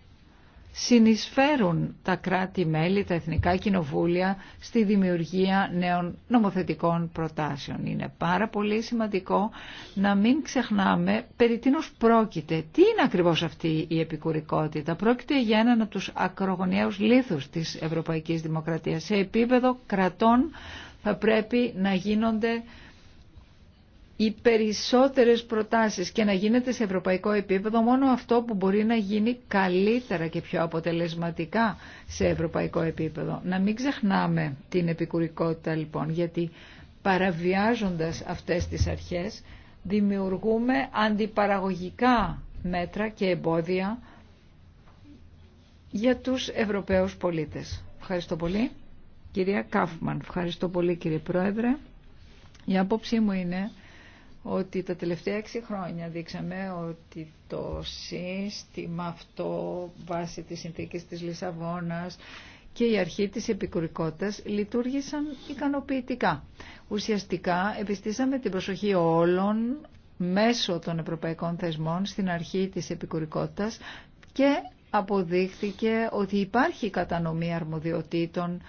συνεισφέρουν τα κράτη-μέλη, τα εθνικά κοινοβούλια στη δημιουργία νέων νομοθετικών προτάσεων. Είναι πάρα πολύ σημαντικό να μην ξεχνάμε περί τίνος πρόκειται. Τι είναι ακριβώς αυτή η επικουρικότητα. Πρόκειται για έναν από τους ακρογωνιαίους λήθους της Ευρωπαϊκής Δημοκρατίας. Σε επίπεδο κρατών θα πρέπει να γίνονται οι περισσότερες προτάσεις και να γίνεται σε ευρωπαϊκό επίπεδο μόνο αυτό που μπορεί να γίνει καλύτερα και πιο αποτελεσματικά σε ευρωπαϊκό επίπεδο. Να μην ξεχνάμε την επικουρικότητα λοιπόν, γιατί παραβιάζοντας αυτές τις αρχές δημιουργούμε αντιπαραγωγικά μέτρα και εμπόδια για τους Ευρωπαίους πολίτες. Ευχαριστώ πολύ. Κυρία Κάφμαν, ευχαριστώ πολύ κύριε Πρόεδρε. Η άποψή μου είναι ότι τα τελευταία έξι χρόνια δείξαμε ότι το σύστημα αυτό βάσει της συνθήκης της Λισαβόνας και η αρχή της επικουρικότητας λειτουργήσαν ικανοποιητικά. Ουσιαστικά επιστήσαμε την προσοχή όλων μέσω των ευρωπαϊκών θεσμών στην αρχή της επικουρικότητας και αποδείχθηκε ότι υπάρχει κατανομή αρμοδιοτήτων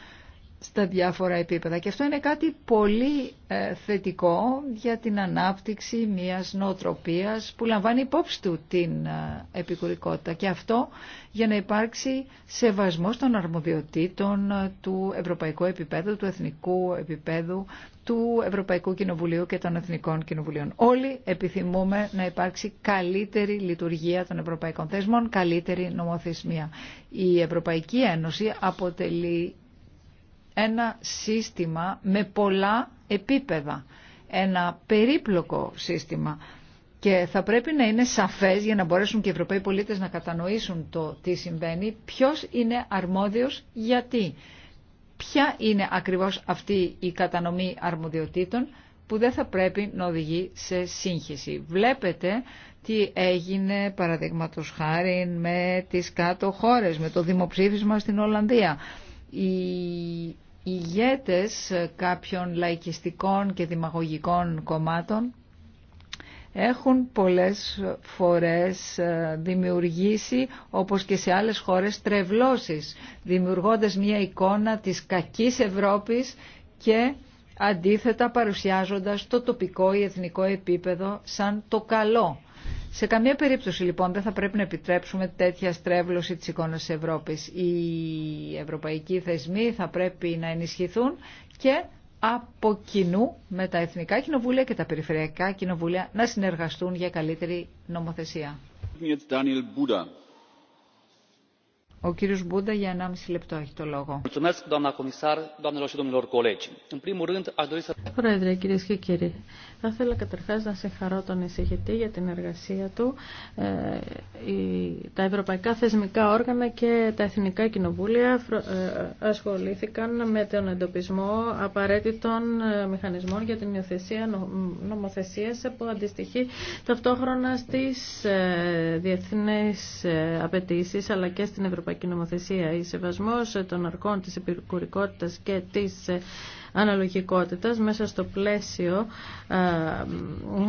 στα διάφορα επίπεδα. Και αυτό είναι κάτι πολύ ε, θετικό για την ανάπτυξη μιας νοοτροπίας που λαμβάνει υπόψη του την ε, επικουρικότητα. Και αυτό για να υπάρξει σεβασμός των αρμοδιοτήτων ε, του ευρωπαϊκού επίπεδου, του εθνικού επίπεδου, του Ευρωπαϊκού Κοινοβουλίου και των Εθνικών Κοινοβουλίων. Όλοι επιθυμούμε να υπάρξει καλύτερη λειτουργία των ευρωπαϊκών θεσμών, καλύτερη νομοθεσμία. Η Ευρωπαϊκή Ένωση αποτελεί ένα σύστημα με πολλά επίπεδα, ένα περίπλοκο σύστημα και θα πρέπει να είναι σαφές για να μπορέσουν και οι Ευρωπαίοι πολίτες να κατανοήσουν το τι συμβαίνει, ποιος είναι αρμόδιος γιατί, ποια είναι ακριβώς αυτή η κατανομή αρμοδιοτήτων που δεν θα πρέπει να οδηγεί σε σύγχυση. Βλέπετε τι έγινε παραδείγματος χάρη με τις κάτω χώρες, με το δημοψήφισμα στην Ολλανδία οι ηγέτες κάποιων λαϊκιστικών και δημαγωγικών κομμάτων έχουν πολλές φορές ε, δημιουργήσει, όπως και σε άλλες χώρες, τρευλώσεις, δημιουργώντας μια εικόνα της κακής Ευρώπης και αντίθετα παρουσιάζοντας το τοπικό ή εθνικό επίπεδο σαν το καλό. Σε καμία περίπτωση λοιπόν δεν θα πρέπει να επιτρέψουμε τέτοια στρέβλωση της εικόνας της Ευρώπης. Οι ευρωπαϊκοί θεσμοί θα πρέπει να ενισχυθούν και από κοινού με τα εθνικά κοινοβούλια και τα περιφερειακά κοινοβούλια να συνεργαστούν για καλύτερη νομοθεσία. Ο κύριος Μπούντα για 1,5 λεπτό έχει το λόγο.
Πρόεδρε, κυρίε και κύριοι, θα ήθελα καταρχά να συγχαρώ τον εισηγητή για την εργασία του. Ε, τα ευρωπαϊκά θεσμικά όργανα και τα εθνικά κοινοβούλια ε, ασχολήθηκαν με τον εντοπισμό απαραίτητων ε, μηχανισμών για την υιοθεσία νομοθεσία που αντιστοιχεί ταυτόχρονα στι διεθνεί απαιτήσει αλλά και στην ευρωπαϊκή Ευρωπαϊκή Νομοθεσία. Η σεβασμός των αρκών της επικουρικότητας και της αναλογικότητας μέσα στο πλαίσιο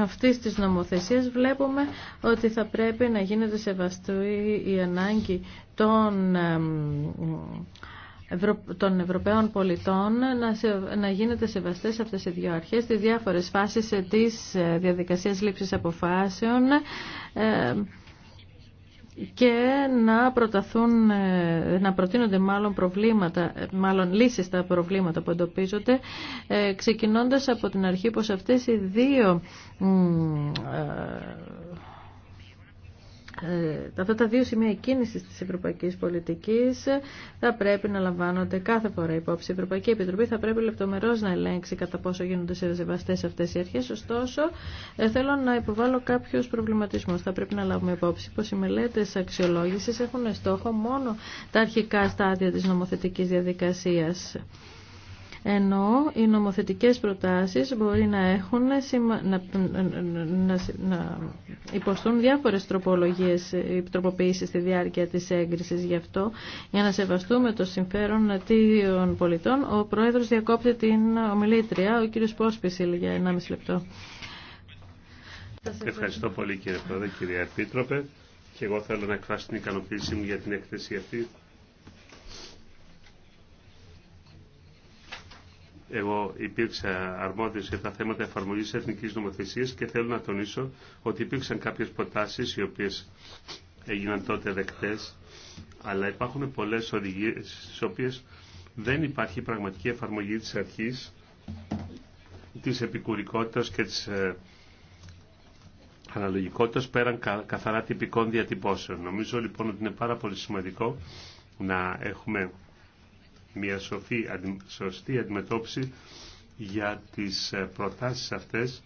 αυτής της νομοθεσίας βλέπουμε ότι θα πρέπει να γίνεται σεβαστή η ανάγκη των των Ευρωπαίων πολιτών να, γίνεται σεβαστές αυτές οι δύο αρχές στις διάφορες φάσεις της διαδικασίας λήψης αποφάσεων ε, και να προταθούν, ε, να προτείνονται μάλλον προβλήματα, μάλλον λύσεις στα προβλήματα που εντοπίζονται, ε, ξεκινώντας από την αρχή πως αυτές οι δύο ε, ε, αυτά τα δύο σημεία κίνηση τη Ευρωπαϊκή πολιτική θα πρέπει να λαμβάνονται κάθε φορά υπόψη. Η Ευρωπαϊκή Επιτροπή θα πρέπει λεπτομερώς να ελέγξει κατά πόσο γίνονται σε σεβαστές αυτές οι αρχές. Ωστόσο, ε, θέλω να υποβάλω κάποιους προβληματισμούς. Θα πρέπει να λάβουμε υπόψη πως οι μελέτες αξιολόγηση έχουν στόχο μόνο τα αρχικά στάδια της νομοθετικής διαδικασίας ενώ οι νομοθετικές προτάσεις μπορεί να έχουν να, να, να υποστούν διάφορες τροπολογίες ε, τροποποιήσεις στη διάρκεια της έγκρισης γι' αυτό για να σεβαστούμε το συμφέρον των πολιτών ο Πρόεδρος διακόπτει την ομιλήτρια ο κύριος Πόσπισιλ για 1,5 λεπτό
Ευχαριστώ πολύ κύριε Πρόεδρε, κύριε Επίτροπε και εγώ θέλω να εκφράσω την ικανοποίησή μου για την έκθεση αυτή Εγώ υπήρξα αρμόδιος για τα θέματα εφαρμογής εθνικής νομοθεσίας και θέλω να τονίσω ότι υπήρξαν κάποιες προτάσεις οι οποίες έγιναν τότε δεκτές, αλλά υπάρχουν πολλές οδηγίες στις οποίες δεν υπάρχει πραγματική εφαρμογή της αρχής της επικουρικότητας και της ε, αναλογικότητας πέραν καθαρά τυπικών διατυπώσεων. Νομίζω λοιπόν ότι είναι πάρα πολύ σημαντικό να έχουμε μια σοφή, σωστή αντιμετώπιση για τις ε, προτάσεις αυτές,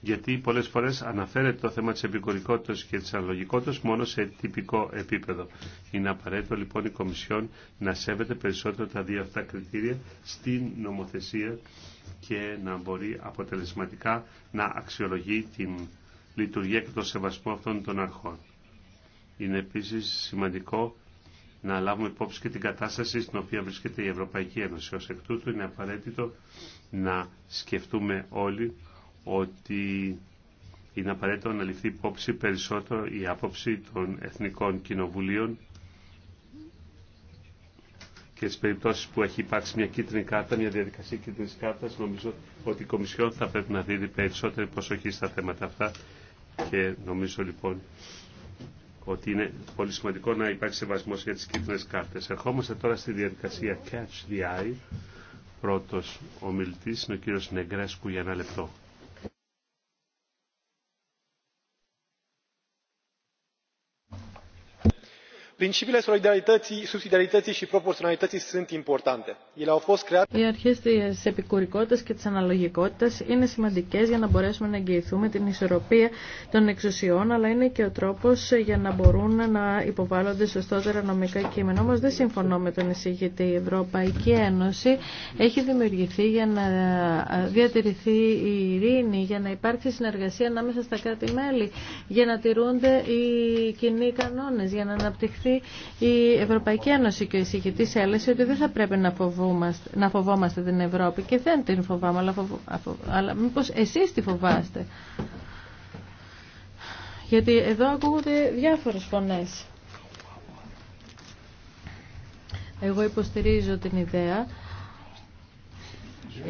γιατί πολλές φορές αναφέρεται το θέμα της επικουρικότητας και της αναλογικότητας μόνο σε τυπικό επίπεδο. Είναι απαραίτητο λοιπόν η Κομισιόν να σέβεται περισσότερο τα δύο αυτά κριτήρια στην νομοθεσία και να μπορεί αποτελεσματικά να αξιολογεί την λειτουργία και το σεβασμό αυτών των αρχών. Είναι επίσης σημαντικό να λάβουμε υπόψη και την κατάσταση στην οποία βρίσκεται η Ευρωπαϊκή Ένωση. Ως εκ τούτου είναι απαραίτητο να σκεφτούμε όλοι ότι είναι απαραίτητο να ληφθεί υπόψη περισσότερο η άποψη των εθνικών κοινοβουλίων και τις περιπτώσεις που έχει υπάρξει μια κίτρινη κάρτα, μια διαδικασία κίτρινης κάρτας, νομίζω ότι η Κομισιόν θα πρέπει να δίνει περισσότερη προσοχή στα θέματα αυτά και νομίζω λοιπόν ότι είναι πολύ σημαντικό να υπάρχει σεβασμό για τι κίτρινε κάρτε. Ερχόμαστε τώρα στη διαδικασία Catch the Eye. Πρώτος ομιλητής είναι ο κύριος Νεγκρέσκου για ένα λεπτό.
principiile solidarității subsidiarității și proporționalității sunt importante. ele au fost create.
οι αρχές της επικουρικότητας και της αναλογικότητας είναι σημαντικές για να μπορέσουμε να εγγυηθούμε την ισορροπία των εξουσιών αλλά είναι και ο τρόπος για να μπορούν να υποβάλλονται σωστότερα νομικά κείμενα. Όμως δεν συμφωνώ με τον εισηγητή. Η Ευρωπαϊκή Ένωση έχει δημιουργηθεί για να διατηρηθεί η ειρήνη, για να υπάρξει συνεργασία ανάμεσα στα κράτη-μέλη, για να τηρούνται οι κοινοί κανόνες, για να αναπτυχθεί η Ευρωπαϊκή Ένωση και ο εισηγητή έλεσε ότι δεν θα πρέπει να φοβόμαστε, να φοβόμαστε την Ευρώπη και δεν την φοβάμαι, αλλά, φοβ, αλλά εσείς τη φοβάστε. Γιατί εδώ ακούγονται διάφορες φωνές. Εγώ υποστηρίζω την ιδέα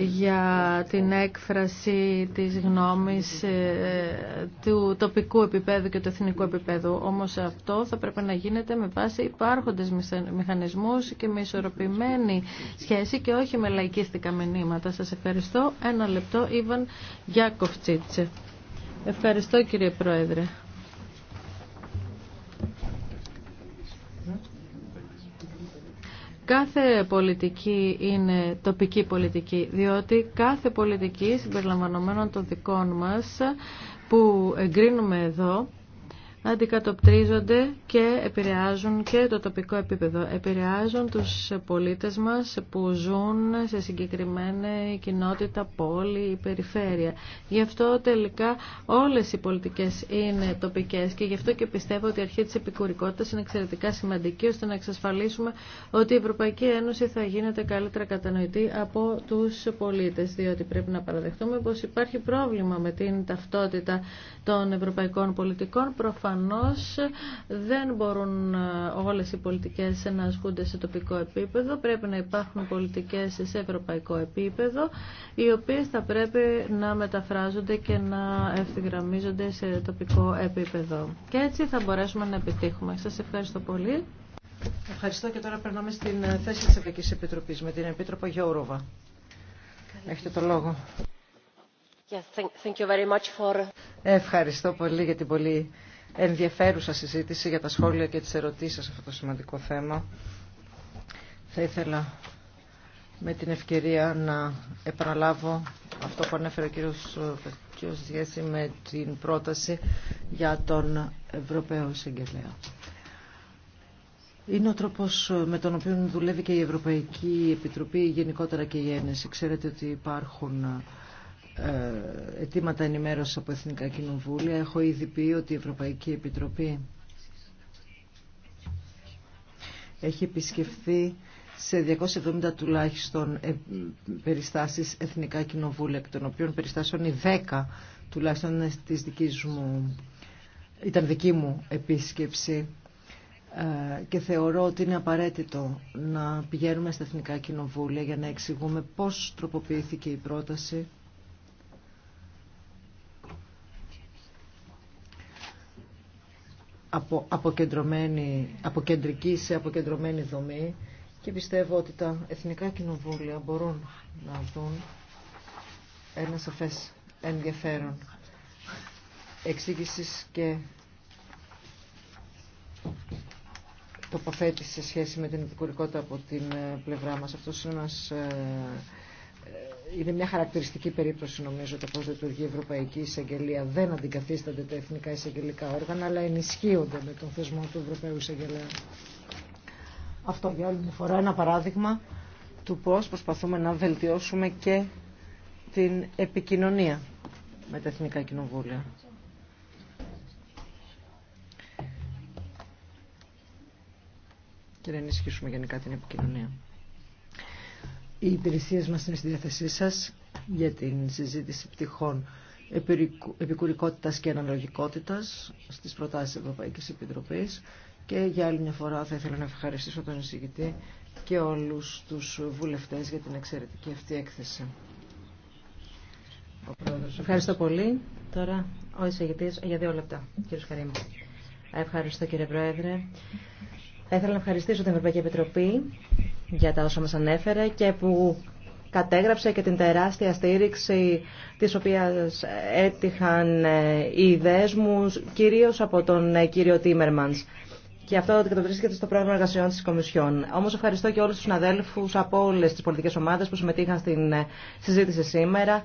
για την έκφραση της γνώμης ε, του τοπικού επίπεδου και του εθνικού επίπεδου. Όμως αυτό θα πρέπει να γίνεται με βάση υπάρχοντες μηχανισμούς και με ισορροπημένη σχέση και όχι με λαϊκίστικα μηνύματα. Σας ευχαριστώ. Ένα λεπτό, Ιβαν Γιάκοφτσίτσε. Ευχαριστώ κύριε Πρόεδρε. Κάθε πολιτική είναι τοπική πολιτική, διότι κάθε πολιτική συμπεριλαμβανομένων των δικών μας που εγκρίνουμε εδώ αντικατοπτρίζονται και επηρεάζουν και το τοπικό επίπεδο. Επηρεάζουν τους πολίτες μας που ζουν σε συγκεκριμένη κοινότητα, πόλη ή περιφέρεια. Γι' αυτό τελικά όλες οι πολιτικές είναι τοπικές και γι' αυτό και πιστεύω ότι η αρχή της επικουρικότητας είναι εξαιρετικά σημαντική ώστε να εξασφαλίσουμε ότι η Ευρωπαϊκή Ένωση θα γίνεται καλύτερα κατανοητή από τους πολίτες διότι πρέπει να παραδεχτούμε πως υπάρχει πρόβλημα με την ταυτότητα των ευρωπαϊκών πολιτικών προφανώς προφανώς δεν μπορούν ε, όλες οι πολιτικές να ασκούνται σε τοπικό επίπεδο. Πρέπει να υπάρχουν πολιτικές σε ευρωπαϊκό επίπεδο, οι οποίες θα πρέπει να μεταφράζονται και να ευθυγραμμίζονται σε τοπικό επίπεδο. Και έτσι θα μπορέσουμε να επιτύχουμε. Σας ευχαριστώ πολύ.
Ευχαριστώ και τώρα περνάμε στην ε, θέση της Ευρωπαϊκής Επιτροπής με την Επίτροπο Γιώργοβα. Έχετε το λόγο.
thank you very much for...
Ευχαριστώ πολύ για την πολύ ενδιαφέρουσα συζήτηση για τα σχόλια και τις ερωτήσεις σε αυτό το σημαντικό θέμα. Θα ήθελα με την ευκαιρία να επαναλάβω αυτό που ανέφερε ο κύριος κύριος με την πρόταση για τον Ευρωπαίο Συγγελέα. Είναι ο τρόπος με τον οποίο δουλεύει και η Ευρωπαϊκή Επιτροπή γενικότερα και η Ένεση. Ξέρετε ότι υπάρχουν ε, αιτήματα ενημέρωση από Εθνικά Κοινοβούλια. Έχω ήδη πει ότι η Ευρωπαϊκή Επιτροπή έχει επισκεφθεί σε 270 τουλάχιστον ε, περιστάσεις Εθνικά Κοινοβούλια, εκ των οποίων περιστάσεων οι 10 τουλάχιστον της δικής μου, ήταν δική μου επίσκεψη ε, και θεωρώ ότι είναι απαραίτητο να πηγαίνουμε στα Εθνικά Κοινοβούλια για να εξηγούμε πώς τροποποιήθηκε η πρόταση από αποκεντρωμένη, αποκεντρική σε αποκεντρωμένη δομή και πιστεύω ότι τα εθνικά κοινοβούλια μπορούν να δουν ένα σαφές ενδιαφέρον εξήγηση και τοποθέτηση σε σχέση με την επικουρικότητα από την ε, πλευρά μας. Αυτός είναι ε, είναι μια χαρακτηριστική περίπτωση νομίζω το πώς λειτουργεί η Ευρωπαϊκή Εισαγγελία. Δεν αντικαθίστανται τα εθνικά εισαγγελικά όργανα, αλλά ενισχύονται με τον θεσμό του Ευρωπαίου Εισαγγελέα. Αυτό για άλλη μια φορά ένα παράδειγμα του πώς προσπαθούμε να βελτιώσουμε και την επικοινωνία με τα εθνικά κοινοβούλια. Και να ενισχύσουμε γενικά την επικοινωνία. Οι υπηρεσίε μα είναι στη διάθεσή σα για την συζήτηση πτυχών επικουρικότητα και αναλογικότητα στι προτάσει της Ευρωπαϊκής Επιτροπής και για άλλη μια φορά θα ήθελα να ευχαριστήσω τον εισηγητή και όλου του βουλευτέ για την εξαιρετική αυτή έκθεση. Ευχαριστώ
πολύ. Τώρα ο εισηγητή για δύο λεπτά. Κύριε Σκαρίμου. Ευχαριστώ κύριε Πρόεδρε. Θα ήθελα να ευχαριστήσω την Ευρωπαϊκή Επιτροπή για τα όσα μας ανέφερε και που κατέγραψε και την τεράστια στήριξη της οποίας έτυχαν ε, οι ιδέες μου κυρίως από τον ε, κύριο Τίμερμανς. Και αυτό το βρίσκεται στο πρόγραμμα εργασιών της Κομισιόν. Όμω ευχαριστώ και όλους τους συναδέλφους από όλες τις πολιτικές ομάδες που συμμετείχαν στην ε, συζήτηση σήμερα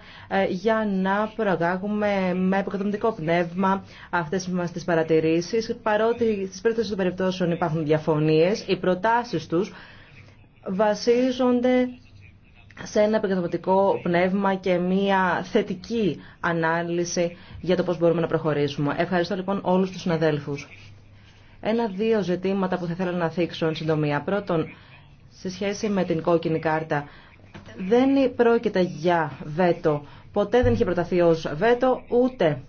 για να προαγάγουμε με επικοδομητικό πνεύμα αυτέ μα τι παρατηρήσει. Παρότι στις περιπτώσεις των περιπτώσεων υπάρχουν διαφωνίες οι προτάσει του βασίζονται σε ένα επικοδομητικό πνεύμα και μια θετική ανάλυση για το πώς μπορούμε να προχωρήσουμε. Ευχαριστώ λοιπόν όλους τους συναδέλφους. Ένα-δύο ζητήματα που θα ήθελα να θίξω εν συντομία. Πρώτον, σε σχέση με την κόκκινη κάρτα, δεν πρόκειται για βέτο. Ποτέ δεν είχε προταθεί ως βέτο, ούτε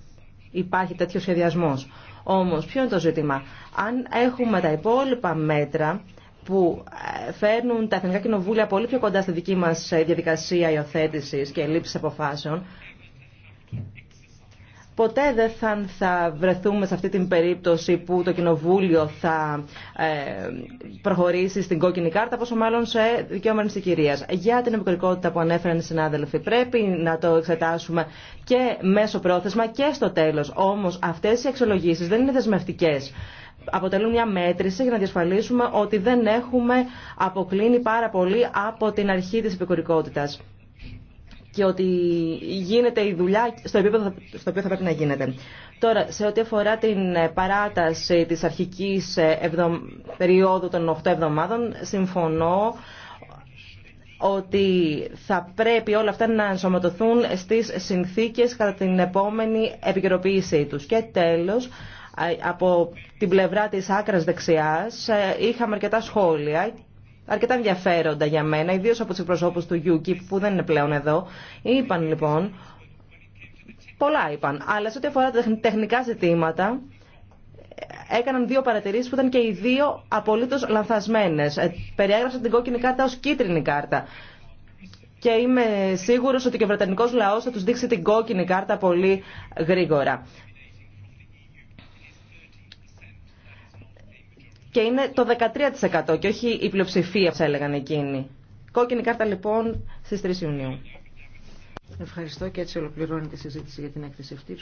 υπάρχει τέτοιο σχεδιασμός. Όμως, ποιο είναι το ζήτημα. Αν έχουμε τα υπόλοιπα μέτρα που ε, φέρνουν τα εθνικά κοινοβούλια πολύ πιο κοντά στη δική μας ε, διαδικασία υιοθέτηση και λήψη αποφάσεων, ποτέ δεν θα, θα βρεθούμε σε αυτή την περίπτωση που το Κοινοβούλιο θα ε, προχωρήσει στην κόκκινη κάρτα, πόσο μάλλον σε δικαίωμα κυρία. Για την εμπορικότητα που ανέφεραν οι συνάδελφοι, πρέπει να το εξετάσουμε και μέσω πρόθεσμα και στο τέλος. Όμως αυτές οι αξιολογήσεις δεν είναι δεσμευτικές αποτελούν μια μέτρηση για να διασφαλίσουμε ότι δεν έχουμε αποκλίνει πάρα πολύ από την αρχή της επικουρικότητας και ότι γίνεται η δουλειά στο επίπεδο στο οποίο θα πρέπει να γίνεται. Τώρα, σε ό,τι αφορά την παράταση της αρχικής ε, περίοδου των 8 εβδομάδων, συμφωνώ ότι θα πρέπει όλα αυτά να ενσωματωθούν στις συνθήκες κατά την επόμενη επικαιροποίησή τους. Και τέλος, από την πλευρά της άκρας δεξιάς ε, είχαμε αρκετά σχόλια αρκετά ενδιαφέροντα για μένα, ιδίως από τους εκπροσώπους του UKIP που δεν είναι πλέον εδώ. Είπαν λοιπόν, πολλά είπαν, αλλά σε ό,τι αφορά τα τεχνικά ζητήματα έκαναν δύο παρατηρήσεις που ήταν και οι δύο απολύτως λανθασμένες. Ε, περιέγραψαν την κόκκινη κάρτα ως κίτρινη κάρτα. Και είμαι σίγουρος ότι και ο Βρετανικός λαός θα τους δείξει την κόκκινη κάρτα πολύ γρήγορα. Και είναι το 13% και όχι η πλειοψηφία, θα έλεγαν εκείνοι. Κόκκινη κάρτα λοιπόν στις 3 Ιουνίου. Ευχαριστώ και έτσι ολοκληρώνει τη συζήτηση για την έκθεση αυτή.